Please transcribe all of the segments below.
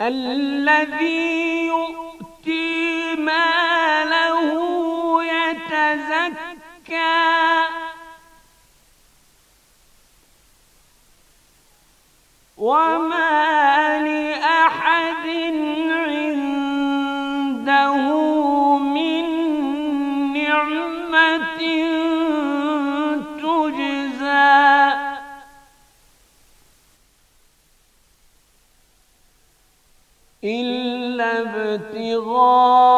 الذي يؤتي ماله يتزكى وما لي ابتغاء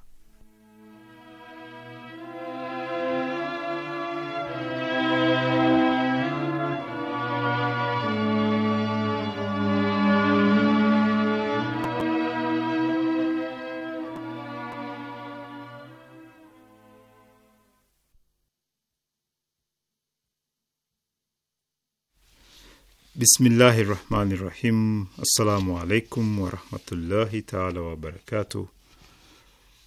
Bismillahi rahmani rahim. Assalamu alaikum warahmatullahi taala wabarakatuh.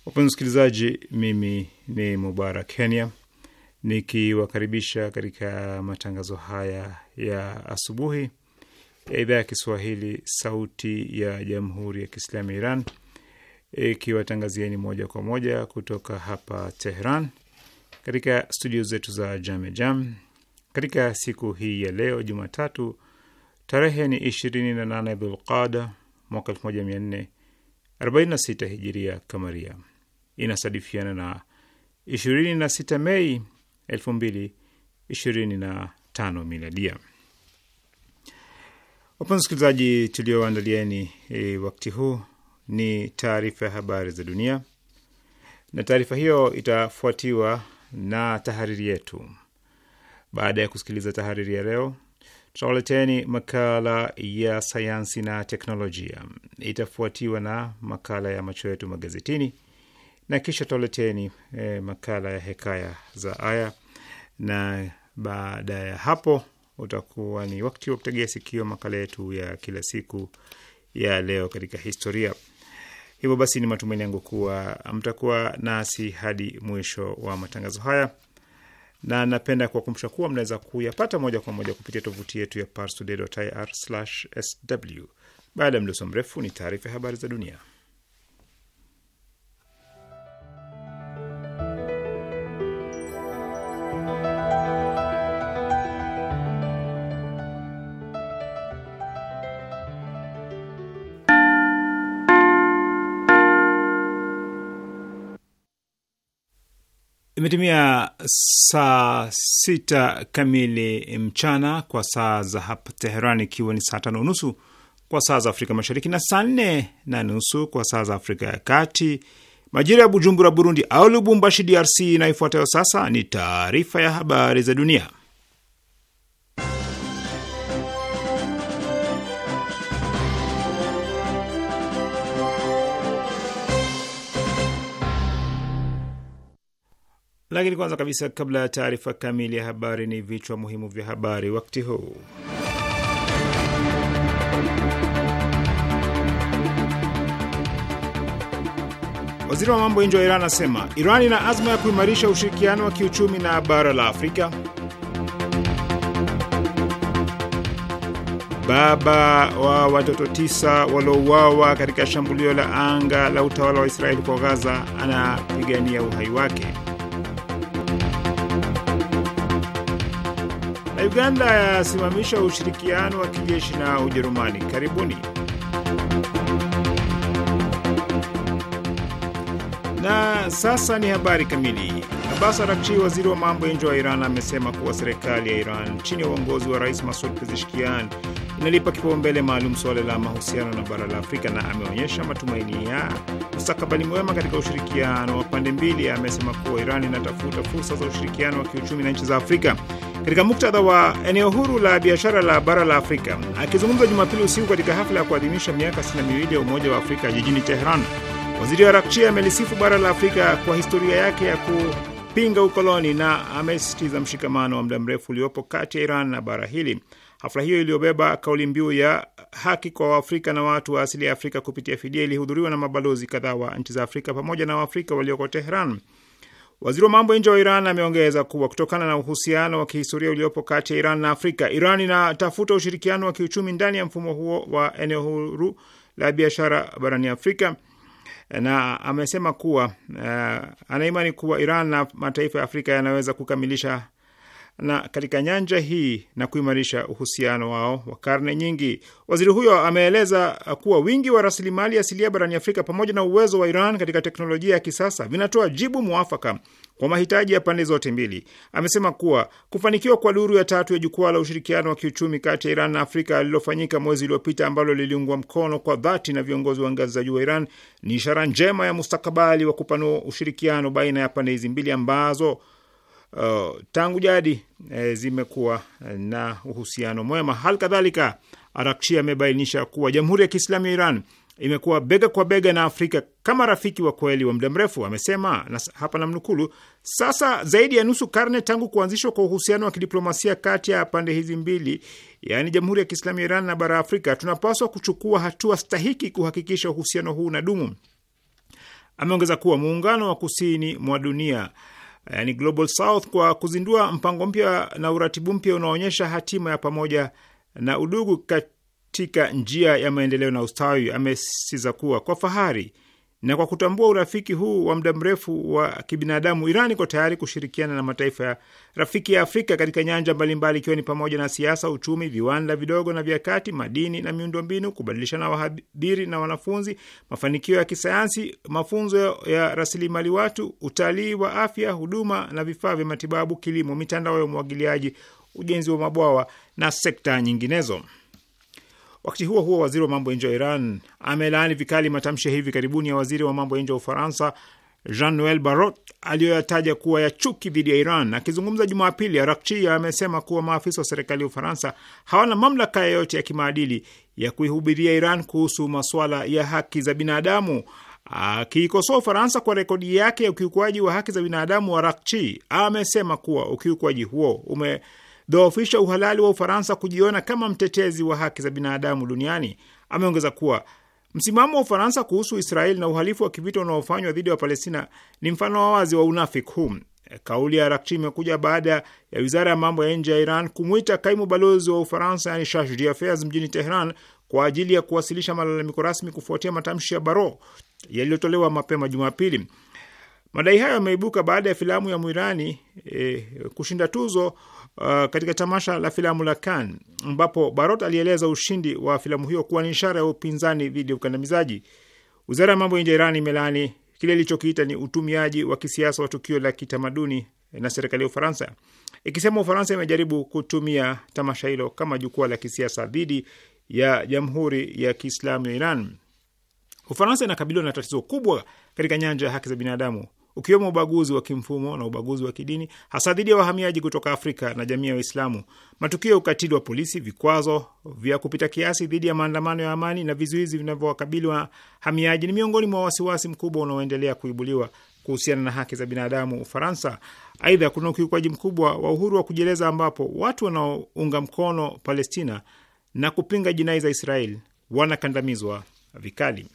Wapenzi wasikilizaji, mimi ni Mubarak Kenya nikiwakaribisha katika matangazo haya ya asubuhi ya idhaa ya Kiswahili sauti ya jamhuri ya Kiislamu ya Iran ikiwatangazieni moja kwa moja kutoka hapa Tehran katika studio zetu za Jamejam Jam. Katika siku hii ya leo Jumatatu Tarehe ni 28 Dhulqada mwaka 1446 hijiria kamaria, inasadifiana na 26 Mei 2025 miladia. Wapenzi wasikilizaji, tulioandalieni e, wakati huu ni taarifa ya habari za dunia, na taarifa hiyo itafuatiwa na tahariri yetu. Baada ya kusikiliza tahariri ya leo tutawaleteni makala ya sayansi na teknolojia, itafuatiwa na makala ya macho yetu magazetini na kisha tutawaleteni eh, makala ya hekaya za aya, na baada ya hapo utakuwa ni wakati wa kutegea sikio makala yetu ya kila siku ya leo katika historia. Hivyo basi, ni matumaini yangu kuwa mtakuwa nasi hadi mwisho wa matangazo haya na napenda kuwakumbusha kuwa mnaweza kuyapata moja kwa moja kupitia tovuti yetu ya parstoday.ir/sw. Baada ya mdoso mrefu, ni taarifa ya habari za dunia. Imetimia saa sita kamili mchana kwa saa za hapa Teheran, ikiwa ni saa tano nusu kwa saa za Afrika Mashariki na saa nne na nusu kwa saa za Afrika ya Kati, majira ya Bujumbura, Burundi au Lubumbashi, DRC. Inayofuatayo sasa ni taarifa ya habari za dunia. Lakini kwanza kabisa, kabla ya taarifa kamili ya habari, ni vichwa muhimu vya habari wakati huu. Waziri wa mambo ya nje wa Iran anasema Iran ina azma ya kuimarisha ushirikiano wa kiuchumi na bara la Afrika. Baba wa watoto tisa waliouawa katika shambulio la anga la utawala wa Israeli kwa Gaza anapigania uhai wake. Uganda yasimamisha ushirikiano wa kijeshi na Ujerumani. Karibuni. Na sasa ni habari kamili. Abbas Arakchi, waziri wa mambo ya nje wa Iran, amesema kuwa serikali ya Iran chini ya uongozi wa Rais Masud Pezeshkian inalipa kipaumbele maalum suala la mahusiano na bara la Afrika na ameonyesha matumaini ya mustakabali mwema katika ushirikiano wa pande mbili. Amesema kuwa Iran inatafuta fursa za ushirikiano wa kiuchumi na nchi za Afrika katika muktadha wa eneo huru la biashara la bara la Afrika. Akizungumza Jumapili usiku katika hafla ya kuadhimisha miaka 6 miwili ya Umoja wa Afrika jijini teheran waziri wa Rakchi amelisifu bara la Afrika kwa historia yake ya kupinga ukoloni na amesisitiza mshikamano wa muda mrefu uliopo kati ya Iran na bara hili. Hafla hiyo iliyobeba kauli mbiu ya haki kwa Waafrika na watu wa asili ya Afrika kupitia fidia ilihudhuriwa na mabalozi kadhaa wa nchi za Afrika pamoja na Waafrika walioko Teheran. Waziri wa mambo ya nje wa Iran ameongeza kuwa kutokana na uhusiano wa kihistoria uliopo kati ya Iran na Afrika, Iran inatafuta ushirikiano wa kiuchumi ndani ya mfumo huo wa eneo huru la biashara barani Afrika, na amesema kuwa uh, eh, anaimani kuwa Iran na mataifa ya Afrika yanaweza kukamilisha na katika nyanja hii na kuimarisha uhusiano wao wa karne nyingi. Waziri huyo ameeleza kuwa wingi wa rasilimali asilia barani Afrika pamoja na uwezo wa Iran katika teknolojia ya kisasa vinatoa jibu mwafaka kwa mahitaji ya pande zote mbili. Amesema kuwa kufanikiwa kwa duru ya tatu ya jukwaa la ushirikiano wa kiuchumi kati ya Iran na Afrika lililofanyika mwezi uliopita, ambalo liliungwa mkono kwa dhati na viongozi wa ngazi za juu wa Iran, ni ishara njema ya mustakabali wa kupanua ushirikiano baina ya pande hizi mbili ambazo Oh, tangu jadi e, zimekuwa na uhusiano mwema. Hali kadhalika, Arakshi amebainisha kuwa Jamhuri ya Kiislamu ya Iran imekuwa bega kwa bega na Afrika kama rafiki wa kweli wa muda mrefu. Amesema na hapa namnukulu, sasa zaidi ya nusu karne tangu kuanzishwa kwa uhusiano wa kidiplomasia kati ya pande hizi mbili, yaani Jamhuri ya Kiislamu ya Iran na bara Afrika, tunapaswa kuchukua hatua stahiki kuhakikisha uhusiano huu na dumu. Ameongeza kuwa muungano wa kusini mwa dunia yani Global South kwa kuzindua mpango mpya na uratibu mpya unaoonyesha hatima ya pamoja na udugu katika njia ya maendeleo na ustawi. Amesisitiza kuwa kwa fahari na kwa kutambua urafiki huu wa muda mrefu wa kibinadamu, Iran iko tayari kushirikiana na mataifa ya rafiki ya Afrika katika nyanja mbalimbali, ikiwa ni pamoja na siasa, uchumi, viwanda vidogo na vya kati, madini na miundombinu, kubadilishana wahadiri na wanafunzi, mafanikio ya kisayansi, mafunzo ya rasilimali watu, utalii wa afya, huduma na vifaa vya matibabu, kilimo, mitandao ya umwagiliaji, ujenzi wa mabwawa na sekta nyinginezo. Wakati huo huo, waziri wa mambo ya nje wa Iran amelaani vikali matamshi ya hivi karibuni ya waziri wa mambo ya nje wa Ufaransa Jean Noel Barrot aliyoyataja kuwa ya chuki dhidi ya Iran. Akizungumza Jumapili, Arakchi amesema kuwa maafisa wa serikali ya Ufaransa hawana mamlaka yoyote ya kimaadili ya kuihubiria Iran kuhusu masuala ya haki za binadamu. Akiikosoa Ufaransa kwa rekodi yake ya ukiukwaji wa haki za binadamu, Arakchi amesema kuwa ukiukwaji huo ume dhoofisha uhalali wa Ufaransa kujiona kama mtetezi wa haki za binadamu duniani. Ameongeza kuwa msimamo wa Ufaransa kuhusu Israeli na uhalifu wa kivita unaofanywa dhidi ya Palestina ni mfano wa wazi wa unafiki huu. Kauli ya Rakti imekuja baada ya wizara ya mambo ya nje ya Iran kumwita kaimu balozi wa Ufaransa yani Charge d'Affaires mjini Tehran kwa ajili ya kuwasilisha malalamiko rasmi kufuatia matamshi ya Baro yaliyotolewa mapema Jumapili. Madai hayo yameibuka baada ya filamu ya Mwirani eh, kushinda tuzo uh, katika tamasha la filamu la Cannes ambapo Barot alieleza ushindi wa filamu hiyo kuwa ni ishara ya upinzani dhidi ya ukandamizaji. Wizara ya mambo ya nje ya imelaani kile ilichokiita ni utumiaji wa kisiasa wa tukio la kitamaduni na serikali ya Ufaransa, ikisema Ufaransa imejaribu kutumia tamasha hilo kama jukwaa la kisiasa dhidi ya Jamhuri ya Kiislamu ya Iran. Ufaransa inakabiliwa na tatizo kubwa katika nyanja ya haki za binadamu ukiwemo ubaguzi wa kimfumo na ubaguzi wa kidini, hasa dhidi ya wahamiaji kutoka Afrika na jamii ya Waislamu, matukio ya ukatili wa polisi, vikwazo vya kupita kiasi dhidi ya maandamano ya amani na vizuizi vinavyowakabili wahamiaji ni miongoni mwa wasiwasi mkubwa unaoendelea kuibuliwa kuhusiana na haki za binadamu Ufaransa. Aidha, kuna ukiukwaji mkubwa wa uhuru wa kujieleza ambapo watu wanaounga mkono Palestina na kupinga jinai za Israeli wanakandamizwa vikali.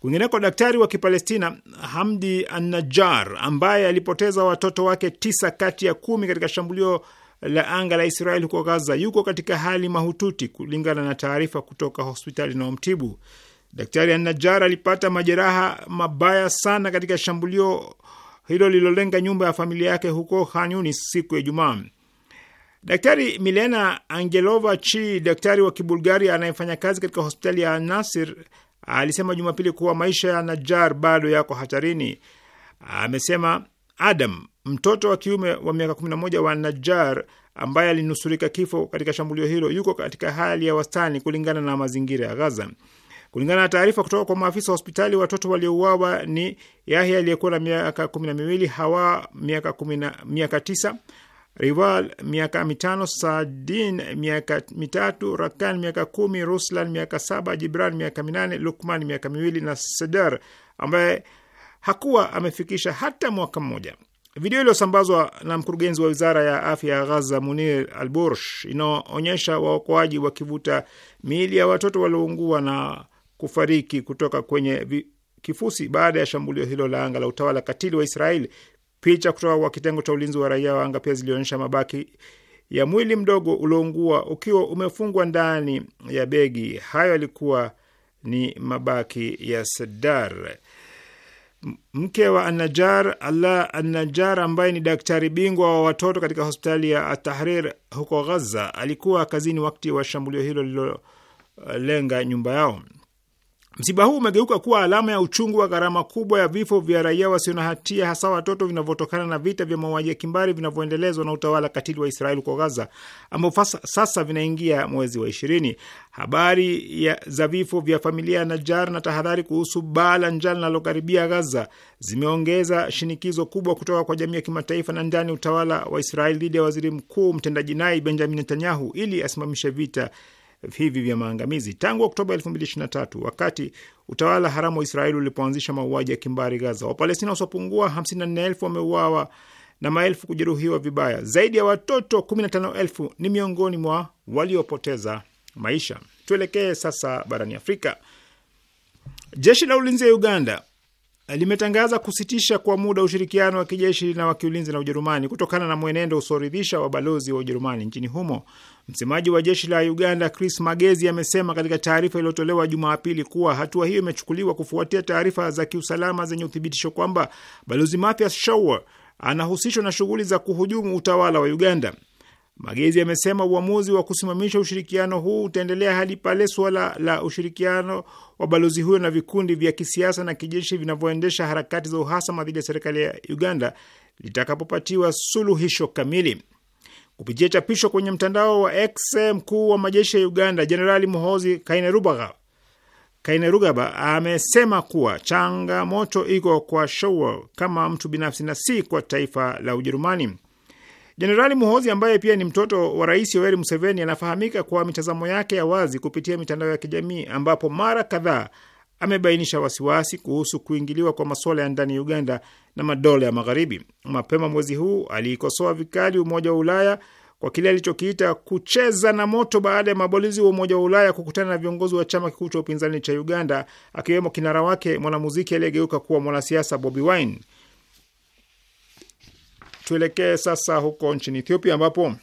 Kwingineko, daktari wa Kipalestina Hamdi anajar ambaye alipoteza watoto wake tisa kati ya kumi katika shambulio la anga la Israeli huko Gaza yuko katika hali mahututi, kulingana na taarifa kutoka hospitali inayomtibu. Daktari anajar alipata majeraha mabaya sana katika shambulio hilo lililolenga nyumba ya familia yake huko Khan Yunis siku ya Ijumaa. Daktari Milena Angelova Chi, daktari wa Kibulgaria anayefanya kazi katika hospitali ya Nasir alisema Jumapili kuwa maisha ya Najjar bado yako hatarini. Amesema Adam, mtoto wa kiume wa miaka 11 wa Najjar ambaye alinusurika kifo katika shambulio hilo, yuko katika hali ya wastani kulingana na mazingira ya Gaza. Kulingana na taarifa kutoka kwa maafisa wa hospitali, watoto waliouawa ni Yahya aliyekuwa na miaka kumi na miwili, Hawa miaka tisa, Rival miaka mitano, Sadin miaka mitatu, Rakan miaka kumi, Ruslan miaka saba, Jibran miaka minane, Lukman miaka miwili na Sedar ambaye hakuwa amefikisha hata mwaka mmoja. Video iliyosambazwa na mkurugenzi wa wizara ya afya ya Ghaza, Munir Al Bursh, inaonyesha waokoaji wakivuta miili ya watoto walioungua na kufariki kutoka kwenye kifusi baada ya shambulio hilo la anga la utawala katili wa Israeli Picha kutoka kwa kitengo cha ulinzi wa raia wa anga pia zilionyesha mabaki ya mwili mdogo ulioungua ukiwa umefungwa ndani ya begi. Hayo yalikuwa ni mabaki ya Sadar, mke wa Anajar Ala Anajar, ambaye ni daktari bingwa wa watoto katika hospitali ya Atahrir huko Ghaza. Alikuwa kazini wakati wa shambulio hilo lililolenga nyumba yao. Msiba huu umegeuka kuwa alama ya uchungu wa gharama kubwa ya vifo vya raia wasio na hatia, hasa watoto, vinavyotokana na vita vya mauaji ya kimbari vinavyoendelezwa na utawala katili wa Israeli kwa Gaza, ambao sasa vinaingia mwezi wa ishirini. Habari ya za vifo vya familia ya Najar na tahadhari kuhusu baa la njaa linalokaribia Gaza zimeongeza shinikizo kubwa kutoka kwa jamii ya kimataifa na ndani utawala wa Israeli dhidi ya waziri mkuu mtendaji naye Benjamin Netanyahu ili asimamishe vita hivi vya maangamizi. Tangu Oktoba 2023 wakati utawala haramu wa Israeli ulipoanzisha mauaji ya kimbari Gaza, Wapalestina wasiopungua 54,000 wameuawa na maelfu kujeruhiwa vibaya. Zaidi ya watoto 15,000 ni miongoni mwa waliopoteza maisha. Tuelekee sasa barani Afrika. Jeshi la ulinzi ya Uganda limetangaza kusitisha kwa muda ushirikiano wa kijeshi na wa kiulinzi na Ujerumani kutokana na mwenendo usioridhisha wa balozi wa Ujerumani nchini humo. Msemaji wa jeshi la Uganda Chris Magezi amesema katika taarifa iliyotolewa Jumapili kuwa hatua hiyo imechukuliwa kufuatia taarifa za kiusalama zenye uthibitisho kwamba balozi Mathias Shower anahusishwa na shughuli za kuhujumu utawala wa Uganda. Magezi amesema uamuzi wa kusimamisha ushirikiano huu utaendelea hadi pale suala la ushirikiano wa balozi huyo na vikundi vya kisiasa na kijeshi vinavyoendesha harakati za uhasama dhidi ya serikali ya Uganda litakapopatiwa suluhisho kamili. Kupitia chapisho kwenye mtandao wa X, mkuu wa majeshi ya Uganda Jenerali Muhozi Kainerugaba Kainerugaba amesema kuwa changamoto iko kwa Show kama mtu binafsi na si kwa taifa la Ujerumani. Jenerali Muhozi ambaye pia ni mtoto wa Rais Yoweri Museveni anafahamika kwa mitazamo yake ya wazi kupitia mitandao ya kijamii ambapo mara kadhaa amebainisha wasiwasi kuhusu kuingiliwa kwa masuala ya ndani ya Uganda na madola ya Magharibi. Mapema mwezi huu aliikosoa vikali Umoja wa Ulaya kwa kile alichokiita kucheza na moto baada ya mabalozi wa Umoja wa Ulaya kukutana na viongozi wa chama kikuu cha upinzani cha Uganda, akiwemo kinara wake mwanamuziki aliyegeuka kuwa mwanasiasa Bobi Wine. Tuelekee sasa huko nchini Ethiopia ambapo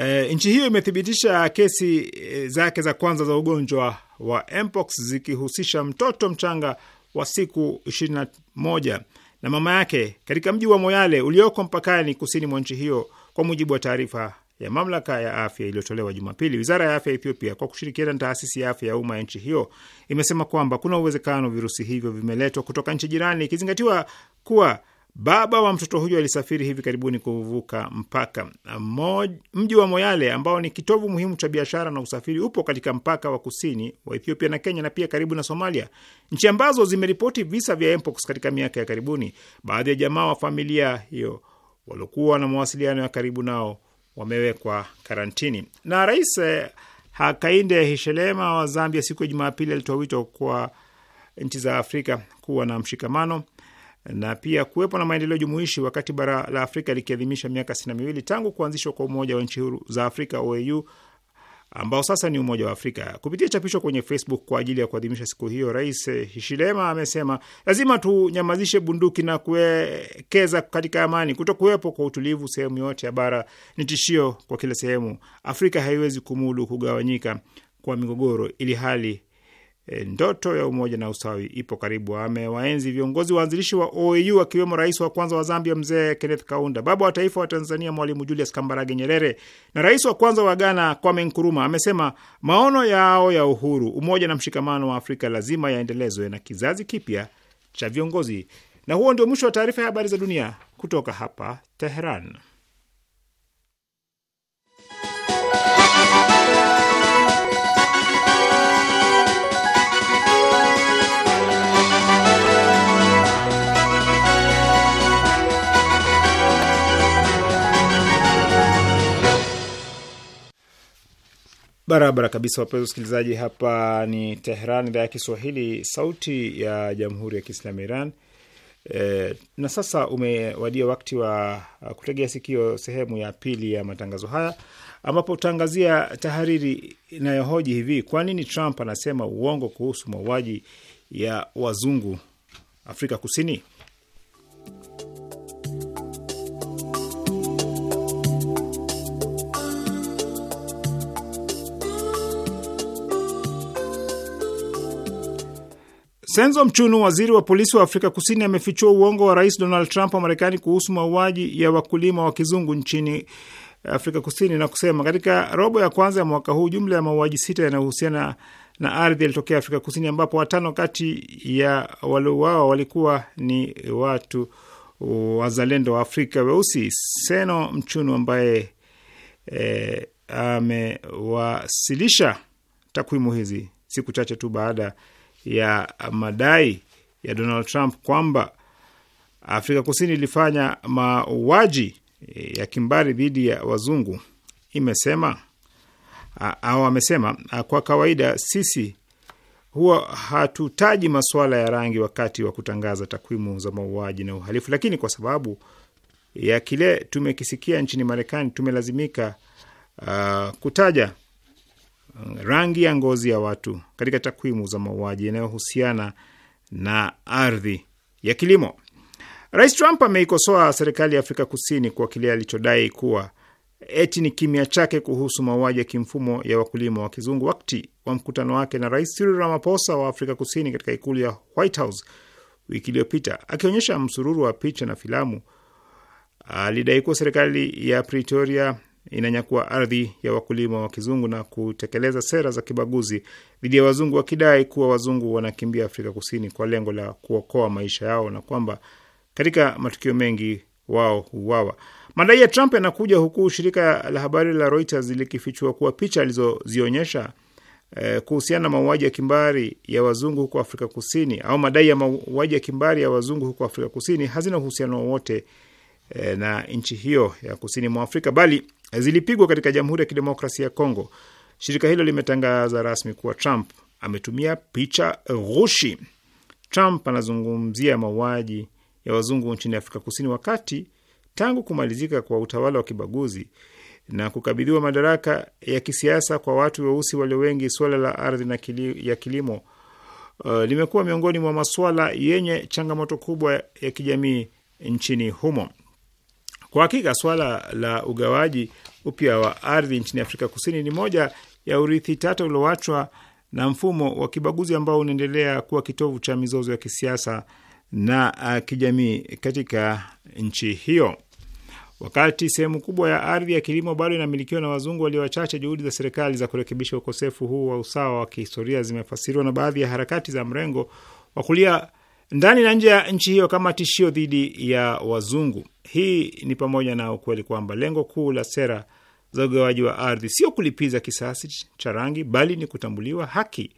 e, nchi hiyo imethibitisha kesi eh, zake za kwanza za ugonjwa wa mpox zikihusisha mtoto mchanga wa siku 21 na mama yake katika mji wa Moyale ulioko mpakani kusini mwa nchi hiyo, kwa mujibu wa taarifa ya mamlaka ya afya iliyotolewa Jumapili. Wizara ya afya ya Ethiopia kwa kushirikiana na taasisi ya afya ya umma ya nchi hiyo imesema kwamba kuna uwezekano virusi hivyo vimeletwa kutoka nchi jirani, ikizingatiwa kuwa Baba wa mtoto huyo alisafiri hivi karibuni kuvuka mpaka. Mji wa Moyale ambao ni kitovu muhimu cha biashara na usafiri upo katika mpaka wa kusini wa Ethiopia na Kenya na pia karibu na Somalia, nchi ambazo zimeripoti visa vya mpox katika miaka ya karibuni. Baadhi ya jamaa wa familia hiyo waliokuwa na mawasiliano ya karibu nao wamewekwa karantini. Na Rais eh, Hakainde Hichilema wa Zambia siku ya Jumapili alitoa wito kwa nchi za Afrika kuwa na mshikamano na pia kuwepo na maendeleo jumuishi wakati bara la Afrika likiadhimisha miaka sitini na miwili tangu kuanzishwa kwa Umoja wa Nchi Huru za Afrika OAU ambao sasa ni Umoja wa Afrika. Kupitia chapisho kwenye Facebook kwa ajili ya kuadhimisha siku hiyo, Rais Hishilema amesema lazima tunyamazishe bunduki na kuwekeza katika amani. Kuto kuwepo kwa utulivu sehemu yote ya bara ni tishio kwa kila sehemu. Afrika haiwezi kumudu kugawanyika kwa migogoro, ili hali e, ndoto ya umoja na ustawi ipo karibu. Amewaenzi viongozi waanzilishi wa OAU akiwemo rais wa kwanza wa Zambia mzee Kenneth Kaunda, baba wa taifa wa Tanzania mwalimu Julius Kambarage Nyerere na rais wa kwanza wa Ghana Kwame Nkuruma. Amesema maono yao ya uhuru, umoja na mshikamano wa Afrika lazima yaendelezwe na kizazi kipya cha viongozi. Na huo ndio mwisho wa taarifa ya habari za dunia kutoka hapa Teheran. Barabara kabisa, wapenzi wasikilizaji, hapa ni Tehran, idhaa ya Kiswahili, sauti ya jamhuri ya kiislamu Iran. E, na sasa umewadia wakati wa kutegea sikio sehemu ya pili ya matangazo haya ambapo utaangazia tahariri inayohoji hivi: kwa nini Trump anasema uongo kuhusu mauaji ya wazungu Afrika Kusini? Senzo Mchunu, waziri wa polisi wa Afrika Kusini, amefichua uongo wa rais Donald Trump wa Marekani kuhusu mauaji ya wakulima wa kizungu nchini Afrika Kusini na kusema katika robo ya kwanza ya mwaka huu jumla ya mauaji sita yanayohusiana na ardhi yalitokea Afrika Kusini, ambapo watano kati ya waliouawa walikuwa ni watu wazalendo wa Afrika weusi. Seno Mchunu ambaye e, amewasilisha takwimu hizi siku chache tu baada ya madai ya Donald Trump kwamba Afrika Kusini ilifanya mauaji e, ya kimbari dhidi ya wazungu imesema au amesema, kwa kawaida sisi huwa hatutaji masuala ya rangi wakati wa kutangaza takwimu za mauaji na uhalifu, lakini kwa sababu ya kile tumekisikia nchini Marekani tumelazimika uh, kutaja rangi ya ngozi ya watu katika takwimu za mauaji yanayohusiana na ardhi ya kilimo. Rais Trump ameikosoa serikali ya Afrika Kusini kwa kile alichodai kuwa eti ni kimya chake kuhusu mauaji ya kimfumo ya wakulima wa kizungu wakati wa mkutano wake na Rais Cyril Ramaphosa wa Afrika Kusini katika ikulu ya White House wiki iliyopita. Akionyesha msururu wa picha na filamu, alidai kuwa serikali ya Pretoria inanyakua ardhi ya wakulima wa kizungu na kutekeleza sera za kibaguzi dhidi ya wazungu, wakidai kuwa wazungu wanakimbia Afrika Kusini kwa lengo la kuokoa maisha yao na kwamba katika matukio mengi wao huuawa. Madai ya Trump yanakuja huku shirika la habari la Reuters likifichua kuwa picha alizozionyesha eh, kuhusiana na mauaji ya kimbari ya wazungu huko Afrika Kusini au madai ya mauaji ya kimbari ya wazungu huko Afrika Kusini hazina uhusiano wowote eh, na nchi hiyo ya kusini mwa Afrika, bali zilipigwa katika Jamhuri ya Kidemokrasia ya Kongo. Shirika hilo limetangaza rasmi kuwa Trump ametumia picha ghushi. Trump anazungumzia mauaji ya wazungu nchini Afrika Kusini wakati tangu kumalizika kwa utawala wa kibaguzi na kukabidhiwa madaraka ya kisiasa kwa watu weusi walio wengi, suala la ardhi na kili, ya kilimo uh, limekuwa miongoni mwa masuala yenye changamoto kubwa ya kijamii nchini humo. Kwa hakika swala la ugawaji upya wa ardhi nchini Afrika Kusini ni moja ya urithi tata ulioachwa na mfumo wa kibaguzi ambao unaendelea kuwa kitovu cha mizozo ya kisiasa na uh, kijamii katika nchi hiyo. Wakati sehemu kubwa ya ardhi ya kilimo bado inamilikiwa na wazungu walio wachache, juhudi za serikali za kurekebisha ukosefu huu wa usawa wa kihistoria zimefasiriwa na baadhi ya harakati za mrengo wa kulia ndani na nje ya nchi hiyo kama tishio dhidi ya wazungu. Hii ni pamoja na ukweli kwamba lengo kuu la sera za ugawaji wa ardhi sio kulipiza kisasi cha rangi, bali ni kutambuliwa haki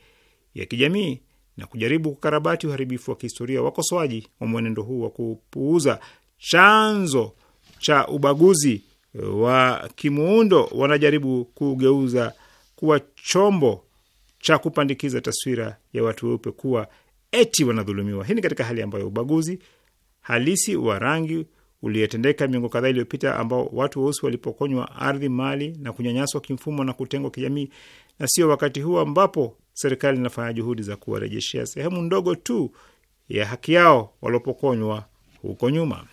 ya kijamii na kujaribu kukarabati uharibifu wa kihistoria. Wakosoaji wa mwenendo huu wa kupuuza chanzo cha ubaguzi wa kimuundo wanajaribu kugeuza kuwa chombo cha kupandikiza taswira ya watu weupe kuwa eti wanadhulumiwa. Hii ni katika hali ambayo ubaguzi halisi wa rangi uliotendeka miongo kadhaa iliyopita, ambao watu weusi walipokonywa ardhi, mali na kunyanyaswa kimfumo na kutengwa kijamii, na sio wakati huu ambapo serikali inafanya juhudi za kuwarejeshea sehemu ndogo tu ya haki yao walopokonywa huko nyuma.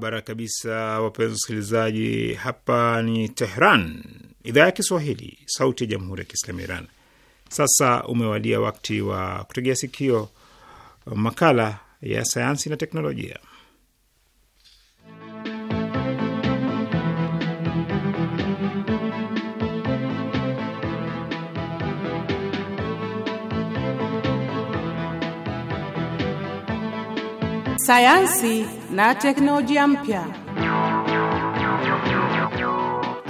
Barabara kabisa, wapenzi wasikilizaji, hapa ni Tehran, idhaa ya Kiswahili, sauti ya jamhuri ya kiislamu Iran. Sasa umewadia wakati wa kutegea sikio makala ya sayansi na teknolojia. sayansi na teknolojia mpya.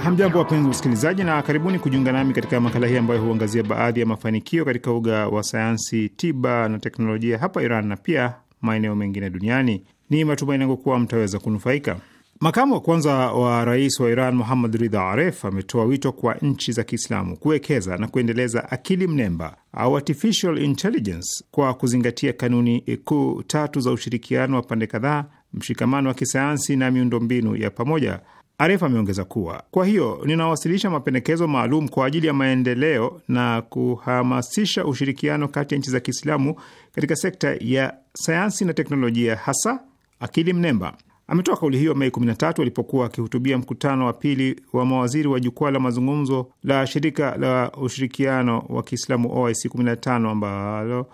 Hamjambo, wapenzi wasikilizaji, na karibuni kujiunga nami katika makala hii ambayo huangazia baadhi ya mafanikio katika uga wa sayansi, tiba na teknolojia hapa Iran na pia maeneo mengine duniani. Ni matumaini yangu kuwa mtaweza kunufaika. Makamu wa kwanza wa rais wa Iran Muhammad Ridha Aref ametoa wito kwa nchi za Kiislamu kuwekeza na kuendeleza akili mnemba au artificial intelligence kwa kuzingatia kanuni kuu tatu za ushirikiano wa pande kadhaa, mshikamano wa kisayansi na miundombinu ya pamoja. Aref ameongeza kuwa kwa hiyo ninawasilisha mapendekezo maalum kwa ajili ya maendeleo na kuhamasisha ushirikiano kati ya nchi za Kiislamu katika sekta ya sayansi na teknolojia, hasa akili mnemba. Ametoa kauli hiyo Mei 13 alipokuwa akihutubia mkutano wa pili wa mawaziri wa jukwaa la mazungumzo la shirika la ushirikiano wa Kiislamu OIC 15 ambalo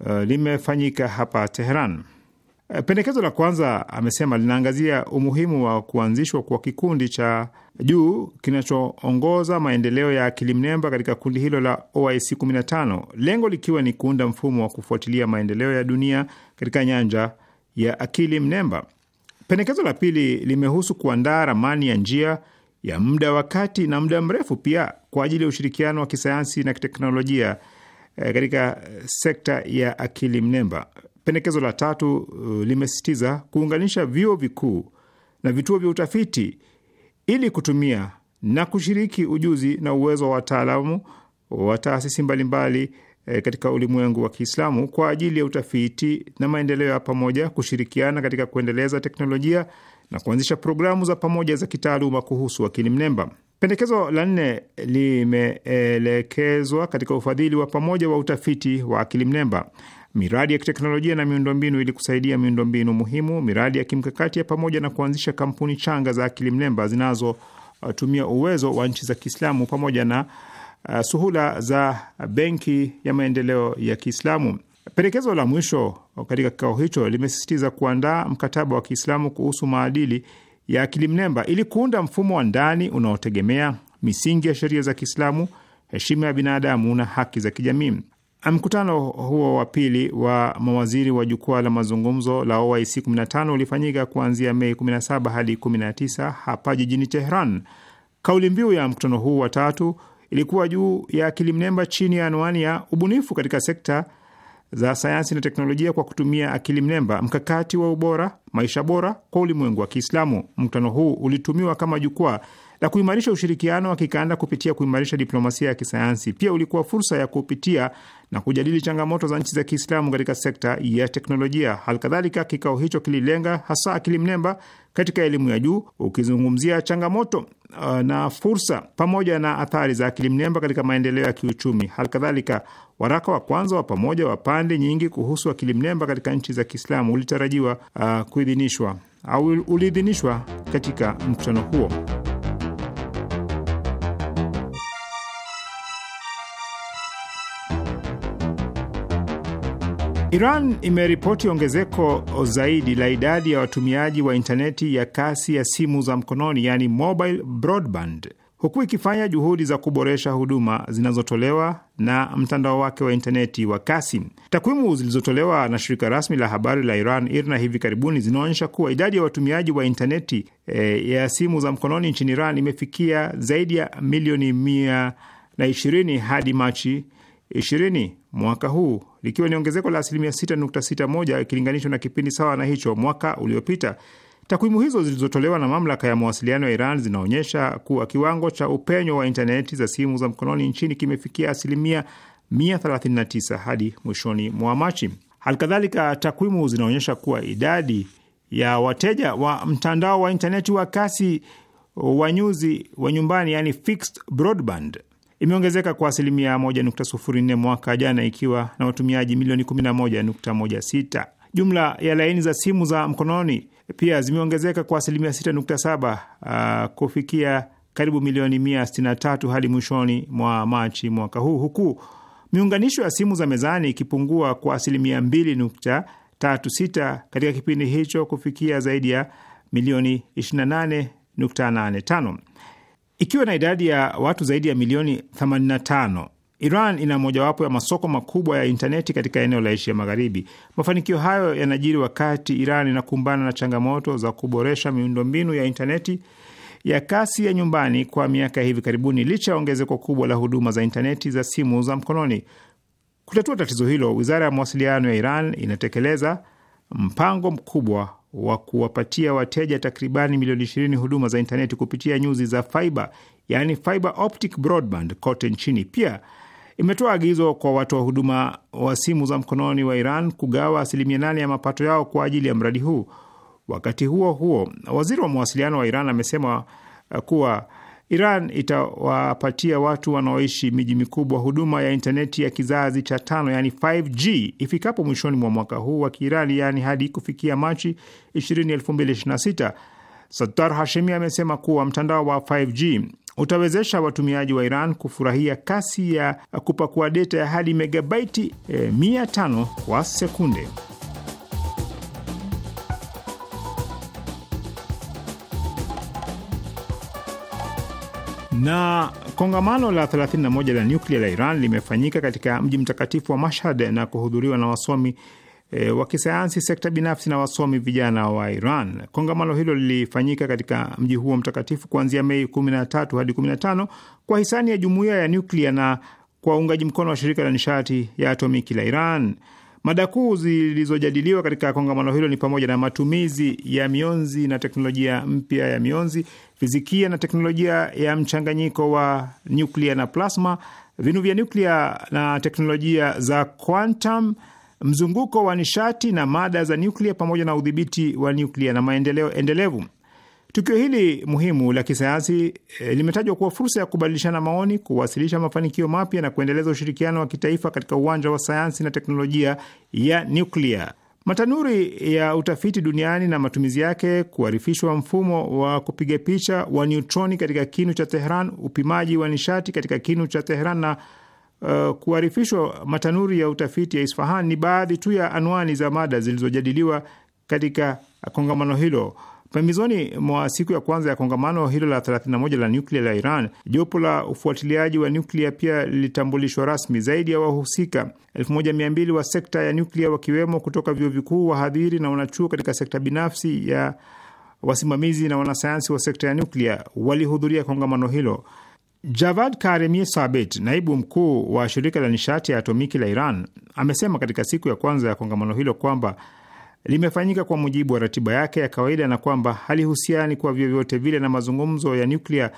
uh, limefanyika hapa Teheran. Eh, pendekezo la kwanza, amesema, linaangazia umuhimu wa kuanzishwa kwa kikundi cha juu kinachoongoza maendeleo ya akili mnemba katika kundi hilo la OIC 15, lengo likiwa ni kuunda mfumo wa kufuatilia maendeleo ya dunia katika nyanja ya akili mnemba. Pendekezo la pili limehusu kuandaa ramani ya njia ya muda wa kati na muda mrefu pia kwa ajili ya ushirikiano wa kisayansi na kiteknolojia eh, katika eh, sekta ya akili mnemba. Pendekezo la tatu eh, limesisitiza kuunganisha vyuo vikuu na vituo vya utafiti ili kutumia na kushiriki ujuzi na uwezo wa wataalamu wa taasisi mbalimbali e, katika ulimwengu wa Kiislamu kwa ajili ya utafiti na maendeleo ya pamoja, kushirikiana katika kuendeleza teknolojia na kuanzisha programu za pamoja za kitaaluma kuhusu akili mnemba. Pendekezo la nne limeelekezwa katika ufadhili wa pamoja wa utafiti wa akili mnemba, miradi ya kiteknolojia na miundombinu ili kusaidia miundombinu muhimu, miradi ya kimkakati ya pamoja na kuanzisha kampuni changa za akili mnemba zinazotumia uwezo wa nchi za Kiislamu pamoja na Uh, suhula za benki ya maendeleo ya Kiislamu. Pendekezo la mwisho katika kikao hicho limesisitiza kuandaa mkataba wa Kiislamu kuhusu maadili ya akili mnemba ili kuunda mfumo wa ndani unaotegemea misingi ya sheria za Kiislamu, heshima ya binadamu na haki za kijamii. Mkutano huo wa pili wa mawaziri wa jukwaa la mazungumzo la OIC 15 ulifanyika kuanzia Mei 17 hadi 19 hapa jijini Tehran. Kauli mbiu ya mkutano huu wa tatu ilikuwa juu ya akili mnemba chini ya anwani ya ubunifu katika sekta za sayansi na teknolojia kwa kutumia akili mnemba, mkakati wa ubora maisha bora kwa ulimwengu wa Kiislamu. Mkutano huu ulitumiwa kama jukwaa la kuimarisha ushirikiano wa kikanda kupitia kuimarisha diplomasia ya kisayansi. Pia ulikuwa fursa ya kupitia na kujadili changamoto za nchi za Kiislamu katika sekta ya teknolojia. Halikadhalika, kikao hicho kililenga hasa akili mnemba katika elimu ya juu, ukizungumzia changamoto Uh, na fursa pamoja na athari za akili mnemba katika maendeleo ya kiuchumi. Halikadhalika, waraka wa kwanza wa pamoja wa pande nyingi kuhusu akili mnemba katika nchi za Kiislamu ulitarajiwa uh, kuidhinishwa au uliidhinishwa katika mkutano huo. Iran imeripoti ongezeko zaidi la idadi ya watumiaji wa intaneti ya kasi ya simu za mkononi, yani mobile broadband, huku ikifanya juhudi za kuboresha huduma zinazotolewa na mtandao wake wa intaneti wa kasi. Takwimu zilizotolewa na shirika rasmi la habari la Iran IRNA hivi karibuni zinaonyesha kuwa idadi ya watumiaji wa intaneti e, eh, ya simu za mkononi nchini Iran imefikia zaidi ya milioni mia na ishirini hadi Machi ishirini mwaka huu likiwa ni ongezeko la asilimia 6.61 ikilinganishwa na kipindi sawa na hicho mwaka uliopita. Takwimu hizo zilizotolewa na mamlaka ya mawasiliano ya Iran zinaonyesha kuwa kiwango cha upenyo wa intaneti za simu za mkononi nchini kimefikia asilimia 139 hadi mwishoni mwa Machi. Halikadhalika, takwimu zinaonyesha kuwa idadi ya wateja wa mtandao wa intaneti wa kasi wa nyuzi wa nyumbani, yani fixed broadband, imeongezeka kwa asilimia 1.04 mwaka jana, ikiwa na watumiaji milioni 11.16. Jumla ya laini za simu za mkononi pia zimeongezeka kwa asilimia 6.7 uh, ah, kufikia karibu milioni 163 hadi mwishoni mwa Machi mwaka huu, huku miunganisho ya simu za mezani ikipungua kwa asilimia 2.36 katika kipindi hicho kufikia zaidi ya milioni 28.85. Ikiwa na idadi ya watu zaidi ya milioni 85, Iran ina mojawapo ya masoko makubwa ya intaneti katika eneo la Asia Magharibi. Mafanikio hayo yanajiri wakati Iran inakumbana na changamoto za kuboresha miundombinu ya intaneti ya kasi ya nyumbani kwa miaka ya hivi karibuni, licha ya ongezeko kubwa la huduma za intaneti za simu za mkononi. Kutatua tatizo hilo, wizara ya mawasiliano ya Iran inatekeleza mpango mkubwa wa kuwapatia wateja takribani milioni 20 huduma za intaneti kupitia nyuzi za fiber, yani fiber optic broadband kote nchini. Pia imetoa agizo kwa watoa wa huduma wa simu za mkononi wa Iran kugawa asilimia nane ya mapato yao kwa ajili ya mradi huu. Wakati huo huo, waziri wa mawasiliano wa Iran amesema uh, kuwa Iran itawapatia watu wanaoishi miji mikubwa huduma ya intaneti ya kizazi cha tano, yani 5G ifikapo mwishoni mwa mwaka huu wa Kiirani, yani hadi kufikia Machi 20, 2026. Sattar Hashemi amesema kuwa mtandao wa 5G utawezesha watumiaji wa Iran kufurahia kasi ya kupakua deta ya hadi megabaiti eh, 5 kwa sekunde. Na kongamano la 31 la nyuklia la Iran limefanyika katika mji mtakatifu wa Mashhad na kuhudhuriwa na wasomi e, wa kisayansi, sekta binafsi na wasomi vijana wa Iran. Kongamano hilo lilifanyika katika mji huo mtakatifu kuanzia Mei 13 hadi 15 kwa hisani ya jumuiya ya nyuklia na kwa uungaji mkono wa shirika la nishati ya atomiki la Iran. Mada kuu zilizojadiliwa katika kongamano hilo ni pamoja na matumizi ya mionzi na teknolojia mpya ya mionzi, fizikia na teknolojia ya mchanganyiko wa nyuklia na plasma, vinu vya nyuklia na teknolojia za quantum, mzunguko wa nishati na mada za nyuklia, pamoja na udhibiti wa nyuklia na maendeleo endelevu. Tukio hili muhimu la kisayansi e, limetajwa kuwa fursa ya kubadilishana maoni, kuwasilisha mafanikio mapya na kuendeleza ushirikiano wa kitaifa katika uwanja wa sayansi na teknolojia ya nuklia Matanuri ya utafiti duniani na matumizi yake, kuarifishwa mfumo wa kupiga picha wa neutroni katika kinu cha Tehran, upimaji wa nishati katika kinu cha Tehran na uh, kuarifishwa matanuri ya utafiti ya Isfahan ni baadhi tu ya anwani za mada zilizojadiliwa katika kongamano hilo. Pembezoni mwa siku ya kwanza ya kongamano hilo la 31 la nyuklia la Iran, jopo la ufuatiliaji wa nyuklia pia lilitambulishwa rasmi. Zaidi ya wahusika 1200 wa sekta ya nyuklia wakiwemo kutoka vyuo vikuu, wahadhiri na wanachuo katika sekta binafsi ya wasimamizi na wanasayansi wa sekta ya nyuklia walihudhuria kongamano hilo. Javad Karemi Sabit, naibu mkuu wa shirika la nishati ya atomiki la Iran, amesema katika siku ya kwanza ya kongamano hilo kwamba limefanyika kwa mujibu wa ratiba yake ya kawaida na kwamba halihusiani kwa vyovyote vile na mazungumzo ya nyuklia